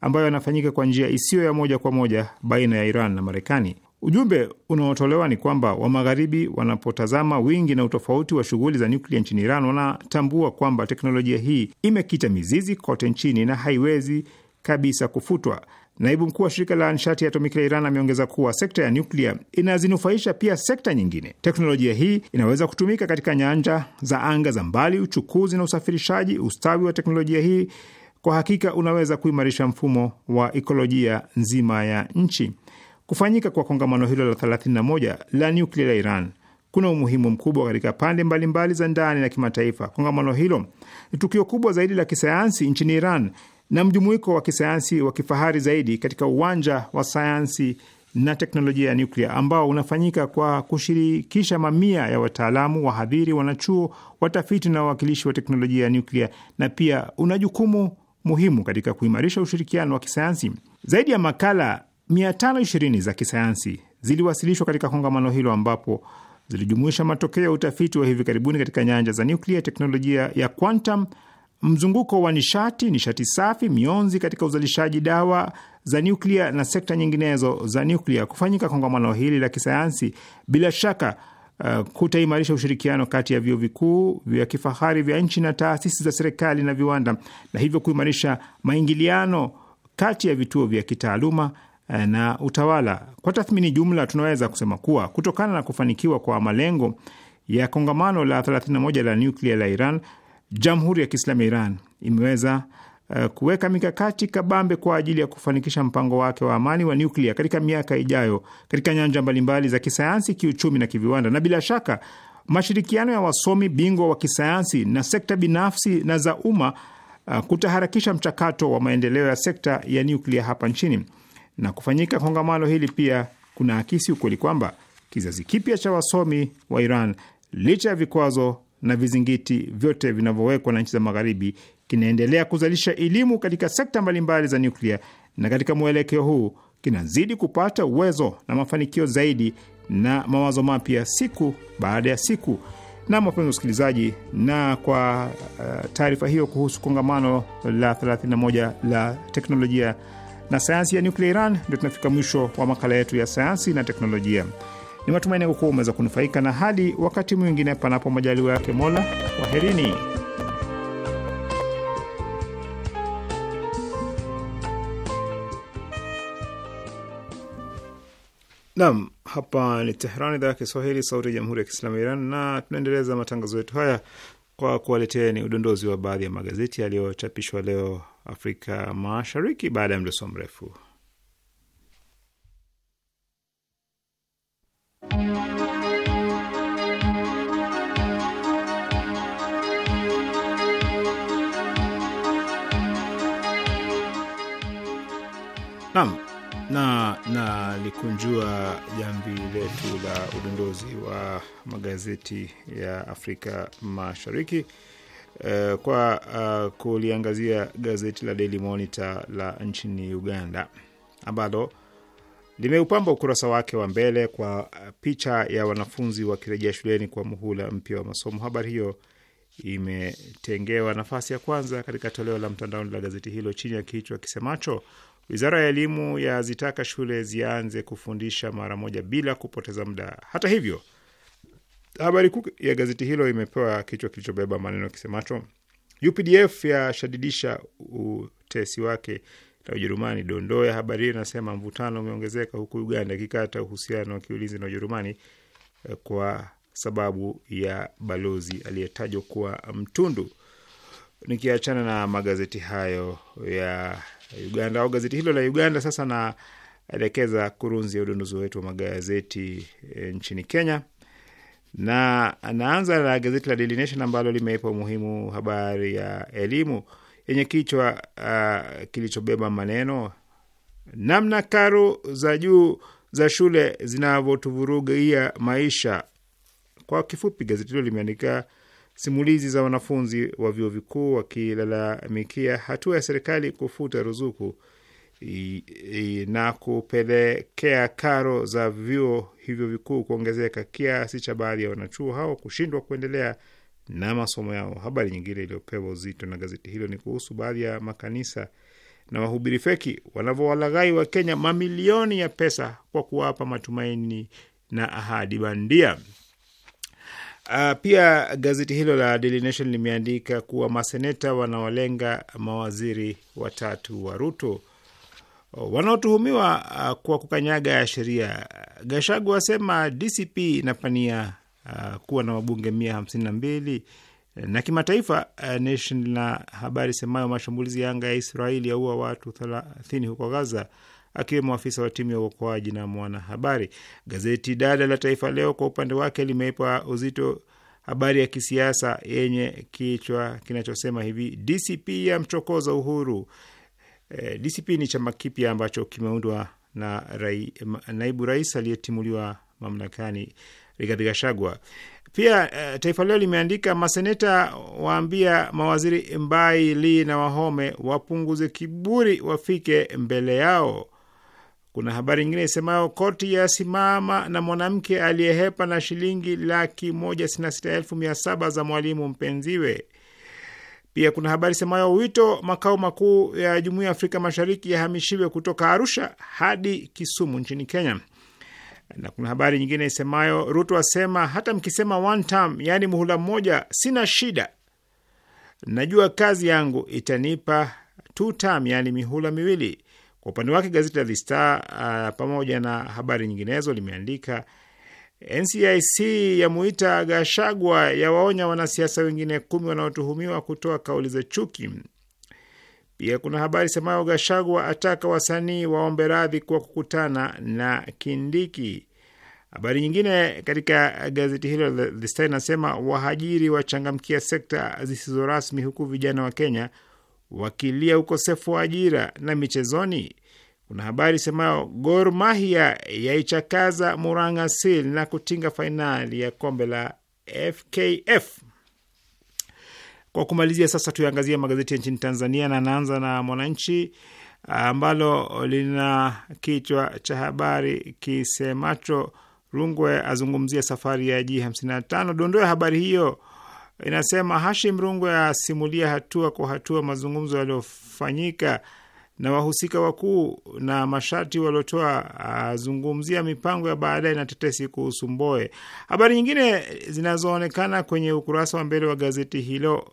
ambayo yanafanyika kwa njia isiyo ya moja kwa moja baina ya Iran na Marekani. Ujumbe unaotolewa ni kwamba wa Magharibi wanapotazama wingi na utofauti wa shughuli za nyuklia nchini Iran, wanatambua kwamba teknolojia hii imekita mizizi kote nchini na haiwezi kabisa kufutwa. Naibu mkuu wa shirika la nishati ya atomiki la Iran ameongeza kuwa sekta ya nyuklia inazinufaisha pia sekta nyingine. Teknolojia hii inaweza kutumika katika nyanja za anga za mbali, uchukuzi na usafirishaji. Ustawi wa teknolojia hii kwa hakika unaweza kuimarisha mfumo wa ikolojia nzima ya nchi. Kufanyika kwa kongamano hilo la 31 la nyuklia la Iran kuna umuhimu mkubwa katika pande mbalimbali mbali za ndani na kimataifa. Kongamano hilo ni tukio kubwa zaidi la kisayansi nchini Iran na mjumuiko wa kisayansi wa kifahari zaidi katika uwanja wa sayansi na teknolojia ya nyuklia ambao unafanyika kwa kushirikisha mamia ya wataalamu, wahadhiri, wanachuo, watafiti na wawakilishi wa teknolojia ya nyuklia, na pia una jukumu muhimu katika kuimarisha ushirikiano wa kisayansi. Zaidi ya makala 520 za kisayansi ziliwasilishwa katika kongamano hilo ambapo zilijumuisha matokeo ya utafiti wa hivi karibuni katika nyanja za nyuklia, teknolojia ya quantum mzunguko wa nishati, nishati safi, mionzi katika uzalishaji dawa za nyuklia na sekta nyinginezo za nyuklia. Kufanyika kongamano hili la kisayansi bila shaka uh, kutaimarisha ushirikiano kati ya vyuo vikuu vya kifahari vya nchi na taasisi za serikali na viwanda, na hivyo kuimarisha maingiliano kati ya vituo vya kitaaluma uh, na utawala. Kwa tathmini jumla, tunaweza kusema kuwa kutokana na kufanikiwa kwa malengo ya kongamano la 31 la nyuklia la Iran Jamhuri ya Kiislamu ya Iran imeweza uh, kuweka mikakati kabambe kwa ajili ya kufanikisha mpango wake wa amani wa nyuklia katika miaka ijayo katika nyanja mbalimbali za kisayansi, kiuchumi na kiviwanda, na bila shaka mashirikiano ya wasomi bingwa wa kisayansi na sekta binafsi na za umma uh, kutaharakisha mchakato wa maendeleo ya sekta ya nyuklia hapa nchini. Na kufanyika kongamano hili pia kuna akisi ukweli kwamba kizazi kipya cha wasomi wa Iran licha ya vikwazo na vizingiti vyote vinavyowekwa na nchi za Magharibi kinaendelea kuzalisha elimu katika sekta mbalimbali za nyuklia, na katika mwelekeo huu kinazidi kupata uwezo na mafanikio zaidi na mawazo mapya siku baada ya siku. Na wapenzi usikilizaji na kwa uh, taarifa hiyo kuhusu kongamano la 31 la teknolojia na sayansi ya nyuklia Iran, ndio tunafika mwisho wa makala yetu ya sayansi na teknolojia. Ni matumaini yangu kuwa umeweza kunufaika, na hadi wakati mwingine, panapo majaliwa yake Mola, kwaherini. Nam, hapa ni Teheran, idhaa ya Kiswahili, sauti ya jamhuri ya kiislamu ya Iran, na tunaendeleza matangazo yetu haya kwa ni udondozi wa baadhi ya magazeti yaliyochapishwa leo Afrika Mashariki baada ya mdoso mrefu. Nam na nalikunjua jamvi letu la udondozi wa magazeti ya Afrika Mashariki eh, kwa uh, kuliangazia gazeti la Daily Monitor la nchini Uganda ambalo limeupamba ukurasa wake wa mbele kwa uh, picha ya wanafunzi wakirejea shuleni kwa muhula mpya wa masomo. Habari hiyo imetengewa nafasi ya kwanza katika toleo la mtandaoni la gazeti hilo chini ya kichwa kisemacho Wizara ya Elimu yazitaka shule zianze kufundisha mara moja bila kupoteza muda. Hata hivyo, habari kuu ya gazeti hilo imepewa kichwa kilichobeba maneno kisemacho UPDF yashadidisha utesi wake la Ujerumani. Dondoo ya habari hiyo inasema mvutano umeongezeka huku Uganda ikikata uhusiano wa kiulinzi na Ujerumani eh, kwa sababu ya balozi aliyetajwa kuwa mtundu. Nikiachana na magazeti hayo ya Uganda au gazeti hilo la Uganda, sasa naelekeza kurunzi ya udondozi wetu wa magazeti e, nchini Kenya na naanza na gazeti la Daily Nation ambalo limeipa umuhimu habari ya elimu yenye kichwa uh, kilichobeba maneno namna karo za juu za shule zinavyotuvurugia maisha. Kwa kifupi, gazeti hilo limeandika simulizi za wanafunzi wa vyuo vikuu wakilalamikia hatua ya serikali kufuta ruzuku i, i, na kupelekea karo za vyuo hivyo vikuu kuongezeka kiasi cha baadhi ya wanachuo hao kushindwa kuendelea na masomo yao. Habari nyingine iliyopewa uzito na gazeti hilo ni kuhusu baadhi ya makanisa na wahubiri feki wanavyowalaghai kenya mamilioni ya pesa kwa kuwapa matumaini na ahadi bandia. Uh, pia gazeti hilo la Daily Nation limeandika kuwa maseneta wanaolenga mawaziri watatu wa Ruto oh, wanaotuhumiwa uh, kwa kukanyaga ya sheria. Gashagu asema DCP inapania uh, kuwa na wabunge mia hamsini na mbili eh, na kimataifa uh, Nation na habari semayo mashambulizi ya anga ya Israeli yaua watu thelathini huko Gaza, akiwemo afisa wa timu ya uokoaji na mwanahabari. Gazeti dada la Taifa Leo kwa upande wake limeipa uzito habari ya kisiasa yenye kichwa kinachosema hivi: DCP yamchokoza Uhuru. E, eh, DCP ni chama kipya ambacho kimeundwa na rai, naibu rais aliyetimuliwa mamlakani Rigathi eh, Gachagua. Pia uh, Taifa Leo limeandika maseneta waambia mawaziri Mbai, Lii na Wahome wapunguze kiburi, wafike mbele yao. Kuna habari nyingine isemayo koti ya simama na mwanamke aliyehepa na shilingi laki moja sitini na sita elfu mia saba za mwalimu mpenziwe. Pia kuna habari semayo wito makao makuu ya Jumuiya ya Afrika Mashariki yahamishiwe kutoka Arusha hadi Kisumu nchini Kenya. Na kuna habari nyingine isemayo Ruto asema hata mkisema one term, yaani muhula mmoja, sina shida, najua kazi yangu itanipa two term, mihula miwili. Kwa upande wake gazeti la The Star uh, pamoja na habari nyinginezo limeandika NCIC yamuita Gashagwa, yawaonya wanasiasa wengine kumi wanaotuhumiwa kutoa kauli za chuki. Pia kuna habari semayo Gashagwa ataka wasanii waombe radhi kwa kukutana na Kindiki. Habari nyingine katika gazeti hilo The Star inasema wahajiri wachangamkia sekta zisizo rasmi, huku vijana wa Kenya wakilia ukosefu wa ajira. Na michezoni kuna habari semayo Gor Mahia yaichakaza Murang'a Seal na kutinga fainali ya kombe la FKF. Kwa kumalizia, sasa tuyaangazia magazeti ya nchini Tanzania na naanza na Mwananchi ambalo lina kichwa cha habari kisemacho Rungwe azungumzia safari ya G55. Dondoo ya habari hiyo inasema Hashim Rungwe asimulia hatua kwa hatua mazungumzo yaliyofanyika na wahusika wakuu na masharti waliotoa, azungumzia mipango ya baadaye na tetesi kuhusu Mboe. Habari nyingine zinazoonekana kwenye ukurasa wa mbele wa gazeti hilo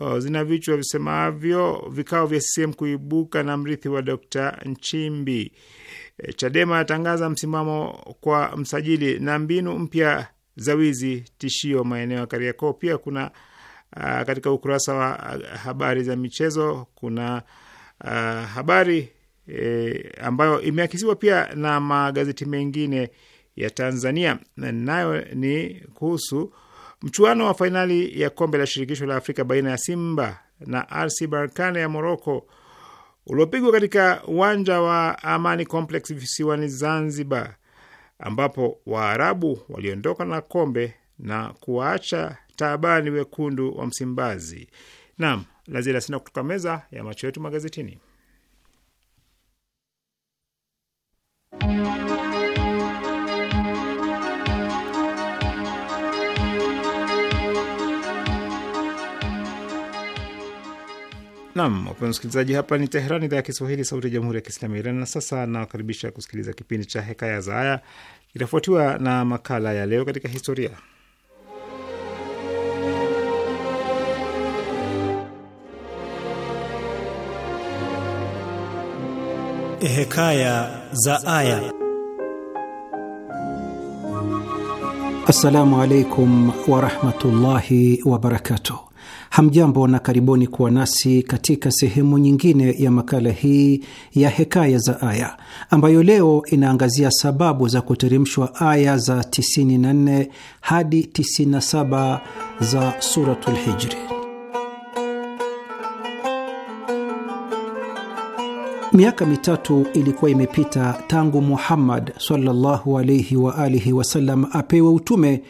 Uh, zina vichwa visemavyo vikao vya CCM kuibuka na mrithi wa Dr. Nchimbi, e, Chadema atangaza msimamo kwa msajili na mbinu mpya za wizi tishio maeneo ya Kariakoo. Pia kuna uh, katika ukurasa wa uh, habari za michezo kuna uh, habari e, ambayo imeakisiwa pia na magazeti mengine ya Tanzania nayo ni kuhusu Mchuano wa fainali ya kombe la shirikisho la Afrika baina ya Simba na RC Barkane ya Moroko uliopigwa katika uwanja wa Amani Complex visiwani Zanzibar, ambapo Waarabu waliondoka na kombe na kuwaacha taabani wekundu wa Msimbazi. Naam, la ziada sina kutoka meza ya macho yetu magazetini. Nam, wapenzi msikilizaji, hapa ni Teherani, idhaa ya Kiswahili, sauti ya jamhuri ya kiislamu ya Iran. Na sasa nawakaribisha kusikiliza kipindi cha Hekaya za Aya, itafuatiwa na makala ya Leo katika Historia. Hekaya za Aya. Assalamu alaikum warahmatullahi wabarakatuh. Hamjambo na karibuni kuwa nasi katika sehemu nyingine ya makala hii ya Hekaya za Aya ambayo leo inaangazia sababu za kuteremshwa aya za 94 hadi 97 za Suratul Hijri. Miaka mitatu ilikuwa imepita tangu Muhammad sallallahu alaihi wa alihi wasallam apewe utume,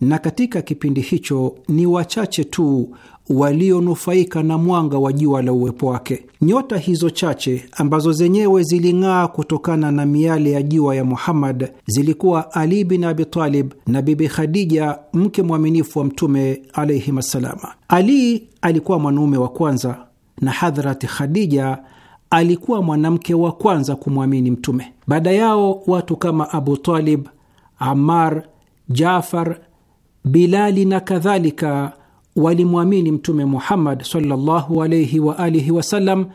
na katika kipindi hicho ni wachache tu walionufaika na mwanga wa jua la uwepo wake. Nyota hizo chache ambazo zenyewe ziling'aa kutokana na miale ya jua ya Muhammad zilikuwa Ali bin Abi Talib na Bibi Khadija, mke mwaminifu wa Mtume alayhim assalama. Ali alikuwa mwanaume wa kwanza na Hadhrati Khadija alikuwa mwanamke wa kwanza kumwamini Mtume. Baada yao watu kama Abu Talib, Ammar, Jafar, Bilali na kadhalika walimwamini Mtume Muhammad sallallahu alaihi wa alihi wasallam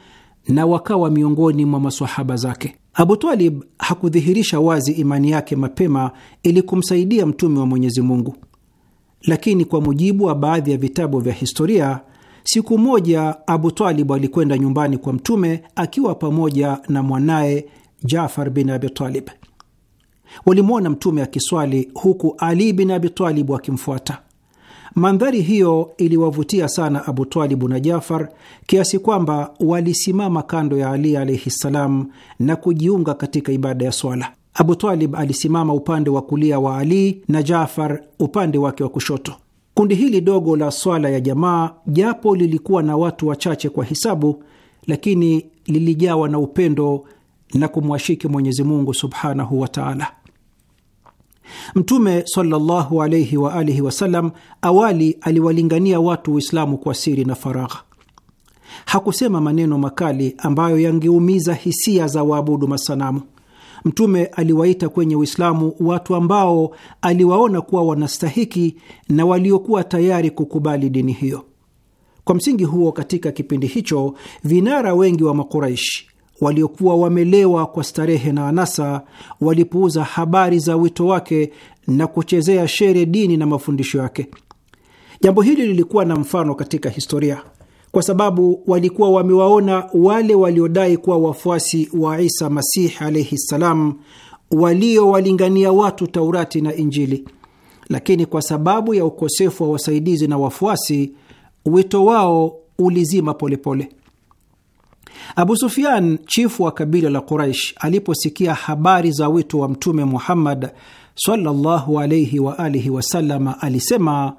na wakawa miongoni mwa masahaba zake. Abu Talib hakudhihirisha wazi imani yake mapema ili kumsaidia Mtume wa Mwenyezi Mungu, lakini kwa mujibu wa baadhi ya vitabu vya historia, siku moja Abu Talib alikwenda nyumbani kwa Mtume akiwa pamoja na mwanaye Jafar bin Abi Talib. Walimwona Mtume akiswali huku Ali bin Abi Talib akimfuata. Mandhari hiyo iliwavutia sana Abu Talibu na Jafar kiasi kwamba walisimama kando ya Ali alaihi ssalam na kujiunga katika ibada ya swala. Abu Talib alisimama upande wa kulia wa Ali na Jafar upande wake wa kushoto. Kundi hili dogo la swala ya jamaa, japo lilikuwa na watu wachache kwa hisabu, lakini lilijawa na upendo na kumwashiki Mwenyezi Mungu subhanahu wa taala. Mtume sallallahu alayhi wa alihi wasallam awali aliwalingania watu Uislamu kwa siri na faragha. Hakusema maneno makali ambayo yangeumiza hisia za waabudu masanamu. Mtume aliwaita kwenye Uislamu watu ambao aliwaona kuwa wanastahiki na waliokuwa tayari kukubali dini hiyo. Kwa msingi huo, katika kipindi hicho, vinara wengi wa Makuraishi waliokuwa wamelewa kwa starehe na anasa, walipuuza habari za wito wake na kuchezea shere dini na mafundisho yake. Jambo hili lilikuwa na mfano katika historia, kwa sababu walikuwa wamewaona wale waliodai kuwa wafuasi wa Isa Masihi alaihi ssalam, waliowalingania watu Taurati na Injili, lakini kwa sababu ya ukosefu wa wasaidizi na wafuasi, wito wao ulizima polepole pole. Abu Sufyan, chifu wa kabila la Quraish, aliposikia habari za wito wa Mtume Muhammad sallallahu alaihi wa alihi alisema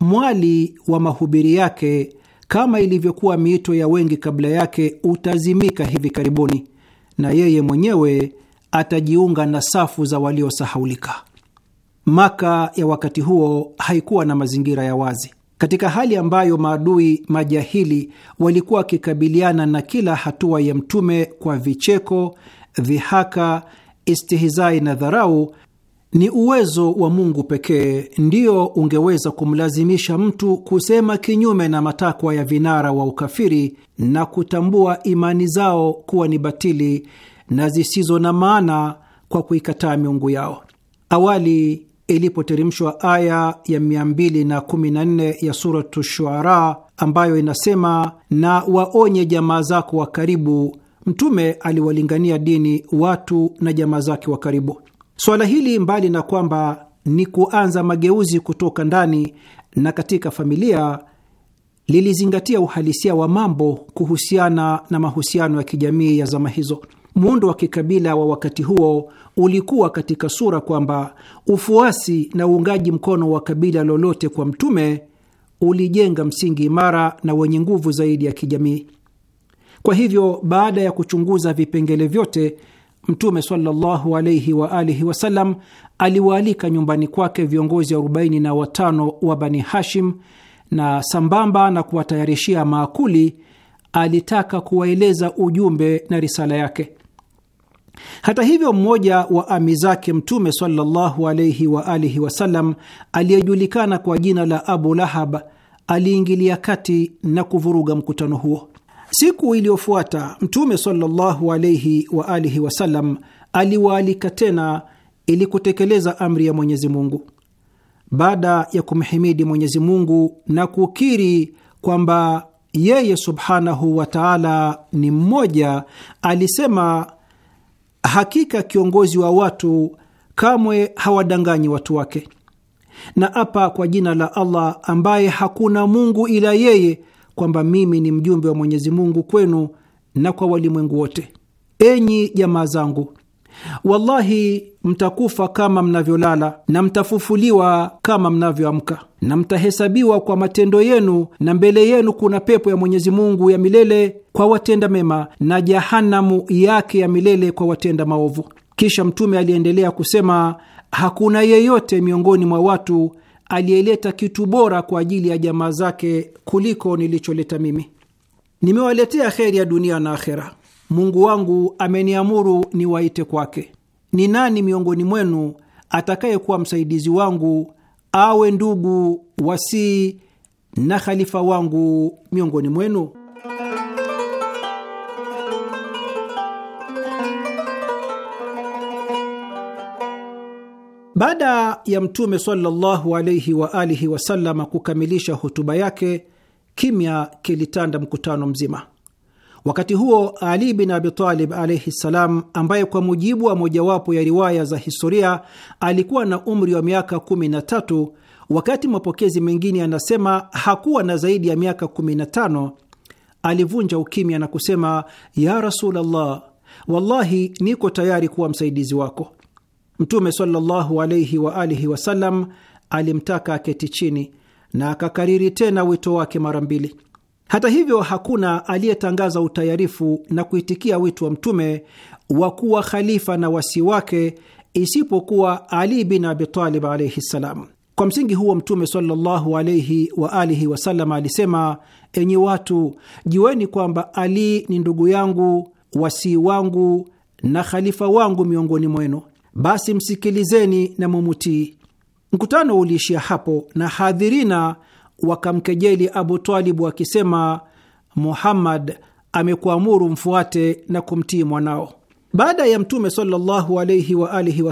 mwali wa mahubiri yake kama ilivyokuwa miito ya wengi kabla yake utazimika hivi karibuni, na yeye mwenyewe atajiunga na safu za waliosahaulika. Maka ya wakati huo haikuwa na mazingira ya wazi katika hali ambayo maadui majahili walikuwa wakikabiliana na kila hatua ya Mtume kwa vicheko, dhihaka, istihizai na dharau. Ni uwezo wa Mungu pekee ndio ungeweza kumlazimisha mtu kusema kinyume na matakwa ya vinara wa ukafiri na kutambua imani zao kuwa ni batili na zisizo na maana kwa kuikataa miungu yao. Awali ilipoteremshwa aya ya 214 ya Suratu Shuara ambayo inasema, na waonye jamaa zako wa karibu. Mtume aliwalingania dini watu na jamaa zake wa karibu. Swala hili mbali na kwamba ni kuanza mageuzi kutoka ndani na katika familia, lilizingatia uhalisia wa mambo kuhusiana na mahusiano ya kijamii ya zama hizo. Muundo wa kikabila wa wakati huo ulikuwa katika sura kwamba ufuasi na uungaji mkono wa kabila lolote kwa mtume ulijenga msingi imara na wenye nguvu zaidi ya kijamii. Kwa hivyo, baada ya kuchunguza vipengele vyote, Mtume sallallahu alaihi wa alihi wasallam aliwaalika nyumbani kwake viongozi 45 wa Bani Hashim, na sambamba na kuwatayarishia maakuli, alitaka kuwaeleza ujumbe na risala yake. Hata hivyo mmoja wa ami zake Mtume sallallahu wa alihi wasallam aliyejulikana kwa jina la Abu Lahab aliingilia kati na kuvuruga mkutano huo. Siku iliyofuata Mtume sallallahu wa alihi wasallam aliwaalika tena ili kutekeleza amri ya Mwenyezi Mungu. Baada ya kumhimidi Mwenyezi Mungu na kukiri kwamba yeye subhanahu wa taala ni mmoja, alisema Hakika kiongozi wa watu kamwe hawadanganyi watu wake. Na apa kwa jina la Allah ambaye hakuna Mungu ila yeye, kwamba mimi ni mjumbe wa Mwenyezi Mungu kwenu na kwa walimwengu wote. Enyi jamaa zangu, Wallahi, mtakufa kama mnavyolala na mtafufuliwa kama mnavyoamka, na mtahesabiwa kwa matendo yenu, na mbele yenu kuna pepo ya Mwenyezi Mungu ya milele kwa watenda mema na jahanamu yake ya milele kwa watenda maovu. Kisha Mtume aliendelea kusema, hakuna yeyote miongoni mwa watu aliyeleta kitu bora kwa ajili ya jamaa zake kuliko nilicholeta mimi. Nimewaletea heri ya dunia na akhera Mungu wangu ameniamuru niwaite kwake. Ni nani miongoni mwenu atakayekuwa msaidizi wangu awe ndugu wasii na khalifa wangu miongoni mwenu? Baada ya Mtume sallallahu alaihi wa alihi wasallam kukamilisha hotuba yake, kimya kilitanda mkutano mzima. Wakati huo Ali bin Abi Talib alaihi ssalam, ambaye kwa mujibu wa mojawapo ya riwaya za historia alikuwa na umri wa miaka 13, wakati mapokezi mengine anasema hakuwa na zaidi ya miaka 15, alivunja ukimya na kusema, ya rasulllah wallahi niko tayari kuwa msaidizi wako. Mtume sallallahu alaihi wa alihi wasallam alimtaka aketi chini na akakariri tena wito wake mara mbili. Hata hivyo, hakuna aliyetangaza utayarifu na kuitikia wito wa Mtume wa kuwa khalifa na wasi wake isipokuwa Ali bin Abitalib alaihi ssalam. Kwa msingi huo Mtume sallallahu alaihi wa alihi wasallam alisema: enyi watu, jiweni kwamba Ali ni ndugu yangu, wasii wangu na khalifa wangu miongoni mwenu, basi msikilizeni na mumutii. Mkutano uliishia hapo na hadhirina wakamkejeli Abu Talibu wakisema, Muhammad amekuamuru mfuate na kumtii mwanao. Baada ya Mtume sallallahu alaihi wa alihi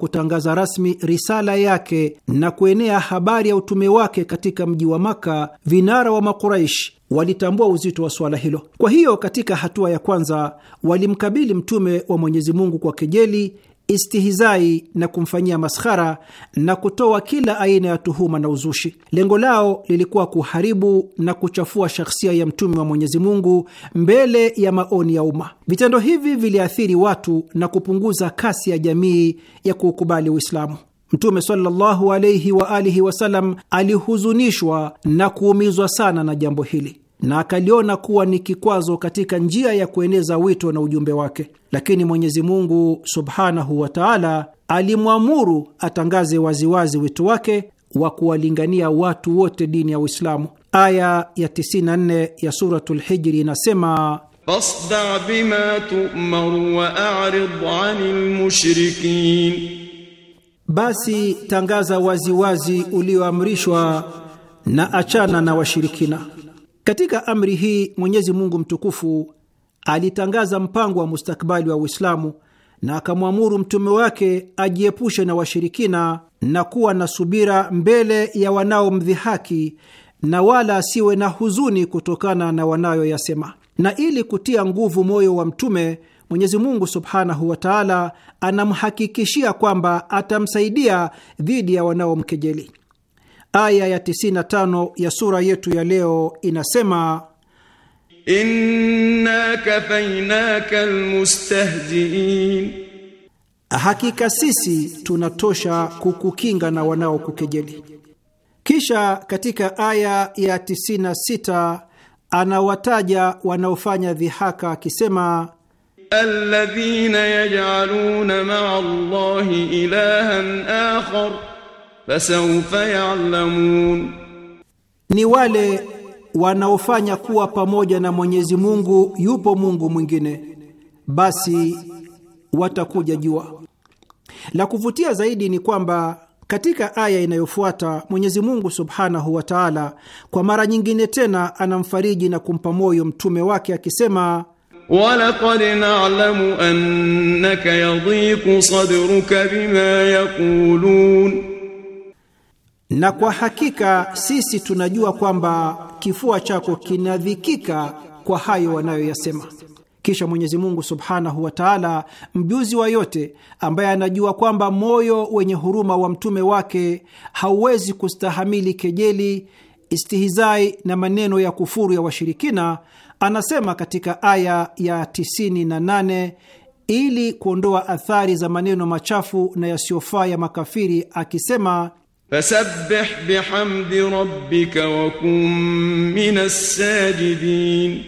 kutangaza rasmi risala yake na kuenea habari ya utume wake katika mji wa Maka, vinara wa Makuraish walitambua uzito wa suala hilo. Kwa hiyo, katika hatua ya kwanza walimkabili Mtume wa Mwenyezi Mungu kwa kejeli istihizai na kumfanyia maskhara na kutoa kila aina ya tuhuma na uzushi. Lengo lao lilikuwa kuharibu na kuchafua shakhsia ya mtume wa Mwenyezi Mungu mbele ya maoni ya umma. Vitendo hivi viliathiri watu na kupunguza kasi ya jamii ya kuukubali Uislamu. Mtume sallallahu alaihi wa alihi wasallam alihuzunishwa na kuumizwa sana na jambo hili na akaliona kuwa ni kikwazo katika njia ya kueneza wito na ujumbe wake, lakini Mwenyezi Mungu subhanahu wa taala alimwamuru atangaze waziwazi wito wake wa kuwalingania watu wote dini ya Uislamu. Aya ya 94 ya Suratul Hijri inasema fasda bima tumaru wa arid anil mushrikin, basi tangaza waziwazi ulioamrishwa na achana na washirikina katika amri hii Mwenyezi Mungu mtukufu alitangaza mpango wa mustakabali wa Uislamu na akamwamuru mtume wake ajiepushe na washirikina na kuwa na subira mbele ya wanaomdhihaki na wala asiwe na huzuni kutokana na wanayoyasema. Na ili kutia nguvu moyo wa mtume, Mwenyezi Mungu subhanahu wa taala anamhakikishia kwamba atamsaidia dhidi ya wanaomkejeli. Aya ya 95 ya sura yetu ya leo inasema inna kafainaka almustahziin, hakika sisi tunatosha kukukinga na wanaokukejeli. Kisha katika aya ya 96 anawataja wanaofanya dhihaka akisema alladhina yaj'aluna ma'a Allahi ilahan akhar fasawfa ya'lamun, ni wale wanaofanya kuwa pamoja na Mwenyezi Mungu yupo Mungu mwingine, basi watakuja jua. La kuvutia zaidi ni kwamba katika aya inayofuata Mwenyezi Mungu subhanahu wa taala kwa mara nyingine tena anamfariji na kumpa moyo mtume wake akisema, walaqad na'lamu annaka yadhiqu sadruka bima yaqulun na kwa hakika sisi tunajua kwamba kifua chako kinadhikika kwa hayo wanayoyasema. Kisha Mwenyezi Mungu subhanahu wa taala, mjuzi wa yote, ambaye anajua kwamba moyo wenye huruma wa mtume wake hauwezi kustahamili kejeli, istihizai na maneno ya kufuru ya washirikina, anasema katika aya ya 98 ili kuondoa athari za maneno machafu na yasiyofaa ya makafiri, akisema فسبح bihamdi rabbika wa kun minas sajidin,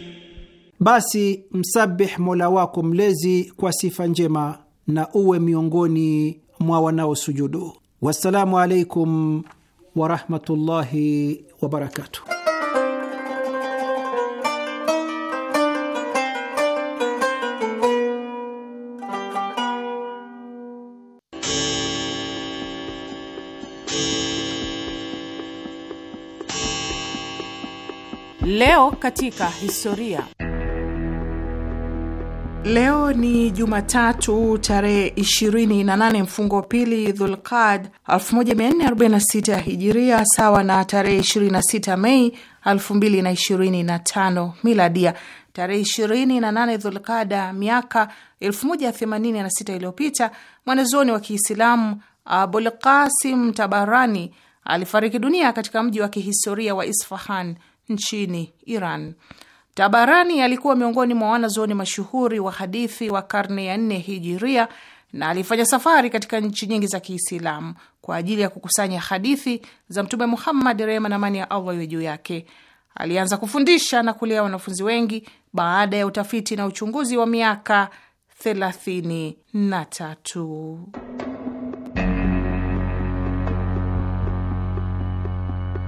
basi msabih mola wako mlezi kwa sifa njema na uwe miongoni mwa wanaosujudu. Wassalamu alaikum wa rahmatullahi wa barakatuh. Leo katika historia. Leo ni Jumatatu tarehe 28 mfungo pili Dhulqad 1446 hijiria sawa na tarehe 26 Mei 2025 miladia. Tarehe 28 Dhulqada miaka 1086 iliyopita mwanazuoni wa Kiislamu Abul Qasim Tabarani alifariki dunia katika mji wa kihistoria wa Isfahan nchini Iran. Tabarani alikuwa miongoni mwa wanazuoni mashuhuri wa hadithi wa karne ya nne hijiria na alifanya safari katika nchi nyingi za Kiislamu kwa ajili ya kukusanya hadithi za Mtume Muhammad, rehema na amani ya Allah iwe juu yake. Alianza kufundisha na kulea wanafunzi wengi baada ya utafiti na uchunguzi wa miaka thelathini na tatu.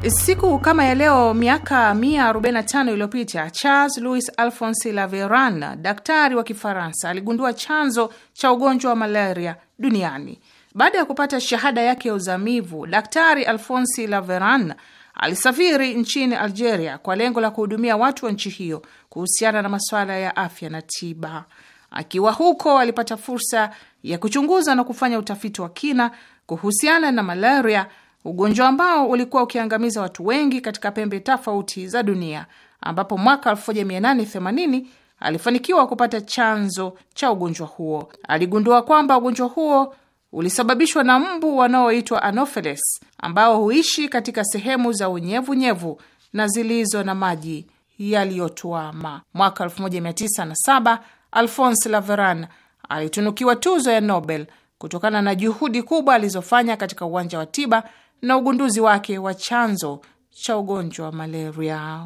Siku kama ya leo miaka 145 iliyopita Charles Louis Alphonse Laveran, daktari wa Kifaransa, aligundua chanzo cha ugonjwa wa malaria duniani. Baada ya kupata shahada yake ya uzamivu, Daktari Alphonse Laveran alisafiri nchini Algeria kwa lengo la kuhudumia watu wa nchi hiyo kuhusiana na masuala ya afya na tiba. Akiwa huko, alipata fursa ya kuchunguza na kufanya utafiti wa kina kuhusiana na malaria ugonjwa ambao ulikuwa ukiangamiza watu wengi katika pembe tofauti za dunia, ambapo mwaka 1880 alifanikiwa kupata chanzo cha ugonjwa huo. Aligundua kwamba ugonjwa huo ulisababishwa na mbu wanaoitwa Anopheles ambao huishi katika sehemu za unyevunyevu na zilizo na maji yaliyotuama. Mwaka 1907 Alphonse Laveran alitunukiwa tuzo ya Nobel kutokana na juhudi kubwa alizofanya katika uwanja wa tiba na ugunduzi wake wa chanzo cha ugonjwa wa malaria.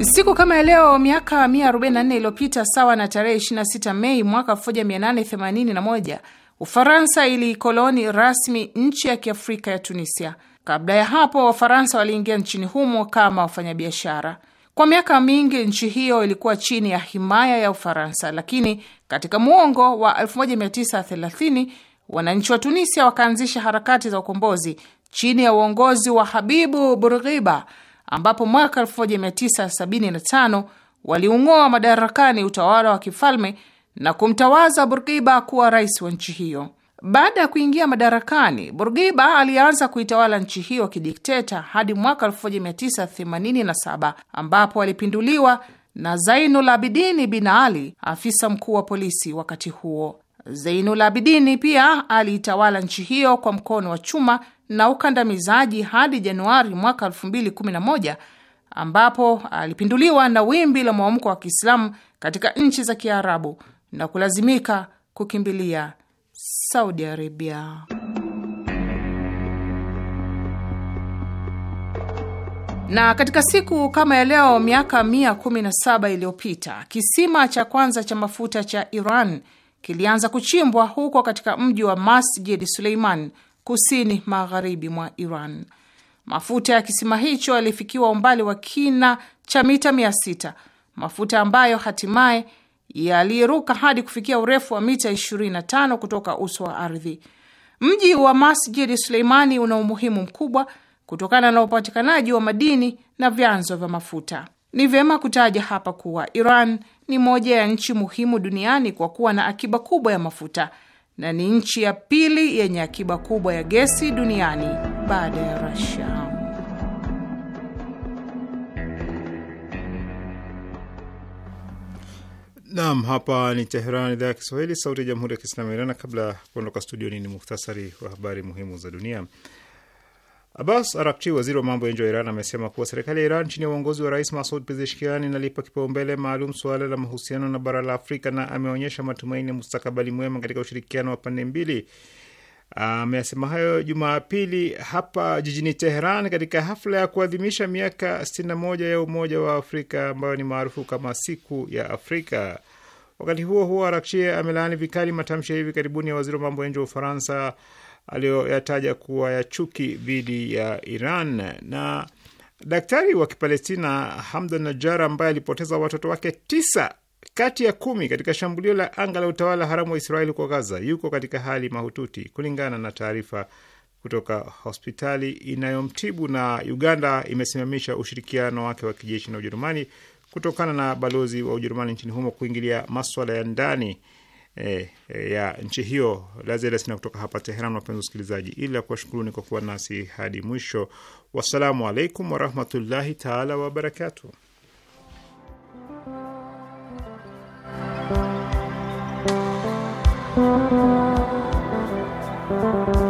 Siku kama ya leo miaka 144 iliyopita, sawa na tarehe 26 Mei mwaka 1881, Ufaransa iliikoloni rasmi nchi ya Kiafrika ya Tunisia. Kabla ya hapo, Wafaransa waliingia nchini humo kama wafanyabiashara. Kwa miaka mingi nchi hiyo ilikuwa chini ya himaya ya Ufaransa, lakini katika muongo wa 1930 wananchi wa Tunisia wakaanzisha harakati za ukombozi chini ya uongozi wa Habibu Burgiba, ambapo mwaka 1975 waliung'oa madarakani utawala wa kifalme na kumtawaza Burgiba kuwa rais wa nchi hiyo. Baada ya kuingia madarakani, Burgiba alianza kuitawala nchi hiyo kidikteta hadi mwaka 1987 ambapo alipinduliwa na Zainul Abidini bin Ali, afisa mkuu wa polisi wakati huo. Zainul Abidini pia aliitawala nchi hiyo kwa mkono wa chuma na ukandamizaji hadi Januari mwaka 2011 ambapo alipinduliwa na wimbi la mwamko wa Kiislamu katika nchi za Kiarabu na kulazimika kukimbilia Saudi Arabia. Na katika siku kama ya leo miaka 117 iliyopita kisima cha kwanza cha mafuta cha Iran kilianza kuchimbwa huko katika mji wa Masjid Suleiman kusini magharibi mwa Iran. Mafuta ya kisima hicho yalifikiwa umbali wa kina cha mita 600, mafuta ambayo hatimaye yaliyeruka hadi kufikia urefu wa mita 25 kutoka uso wa ardhi. Mji wa Masjid Suleimani una umuhimu mkubwa kutokana na upatikanaji wa madini na vyanzo vya mafuta. Ni vyema kutaja hapa kuwa Iran ni moja ya nchi muhimu duniani kwa kuwa na akiba kubwa ya mafuta na ni nchi ya pili yenye akiba kubwa ya gesi duniani baada ya Russia. Naam, hapa ni Teheran, idhaa ya Kiswahili, sauti ya jamhuri ya kiislamu ya Iran. Kabla ya kuondoka studioni, ni muhtasari wa habari muhimu za dunia. Abbas Arakchi, waziri wa mambo ya nje wa Iran, amesema kuwa serikali ya Iran chini ya uongozi wa Rais Masud Pezeshkian inalipa kipaumbele maalum suala la mahusiano na bara la Afrika na ameonyesha matumaini ya mustakabali mwema katika ushirikiano wa pande mbili ameyasema uh, hayo Jumapili hapa jijini Teheran katika hafla ya kuadhimisha miaka 61 ya Umoja wa Afrika ambayo ni maarufu kama Siku ya Afrika. Wakati huo huo, Arakshie amelaani vikali matamshi ya hivi karibuni ya waziri wa mambo ya nje wa Ufaransa aliyoyataja kuwa ya chuki dhidi ya Iran. Na daktari wa Kipalestina Hamdan Najjar ambaye alipoteza watoto wake tisa kati ya kumi katika shambulio la anga la utawala haramu wa Israeli kwa Gaza yuko katika hali mahututi, kulingana na taarifa kutoka hospitali inayomtibu. Na Uganda imesimamisha ushirikiano wake wa kijeshi na Ujerumani kutokana na balozi wa Ujerumani nchini humo kuingilia maswala ya ndani eh, eh, ya nchi hiyo. Lazialasina kutoka hapa Teheran, wapenzi wasikilizaji, ila kuwashukuruni kwa kuwa nasi hadi mwisho. Wassalamu alaikum warahmatullahi taala wabarakatuh. Thank you.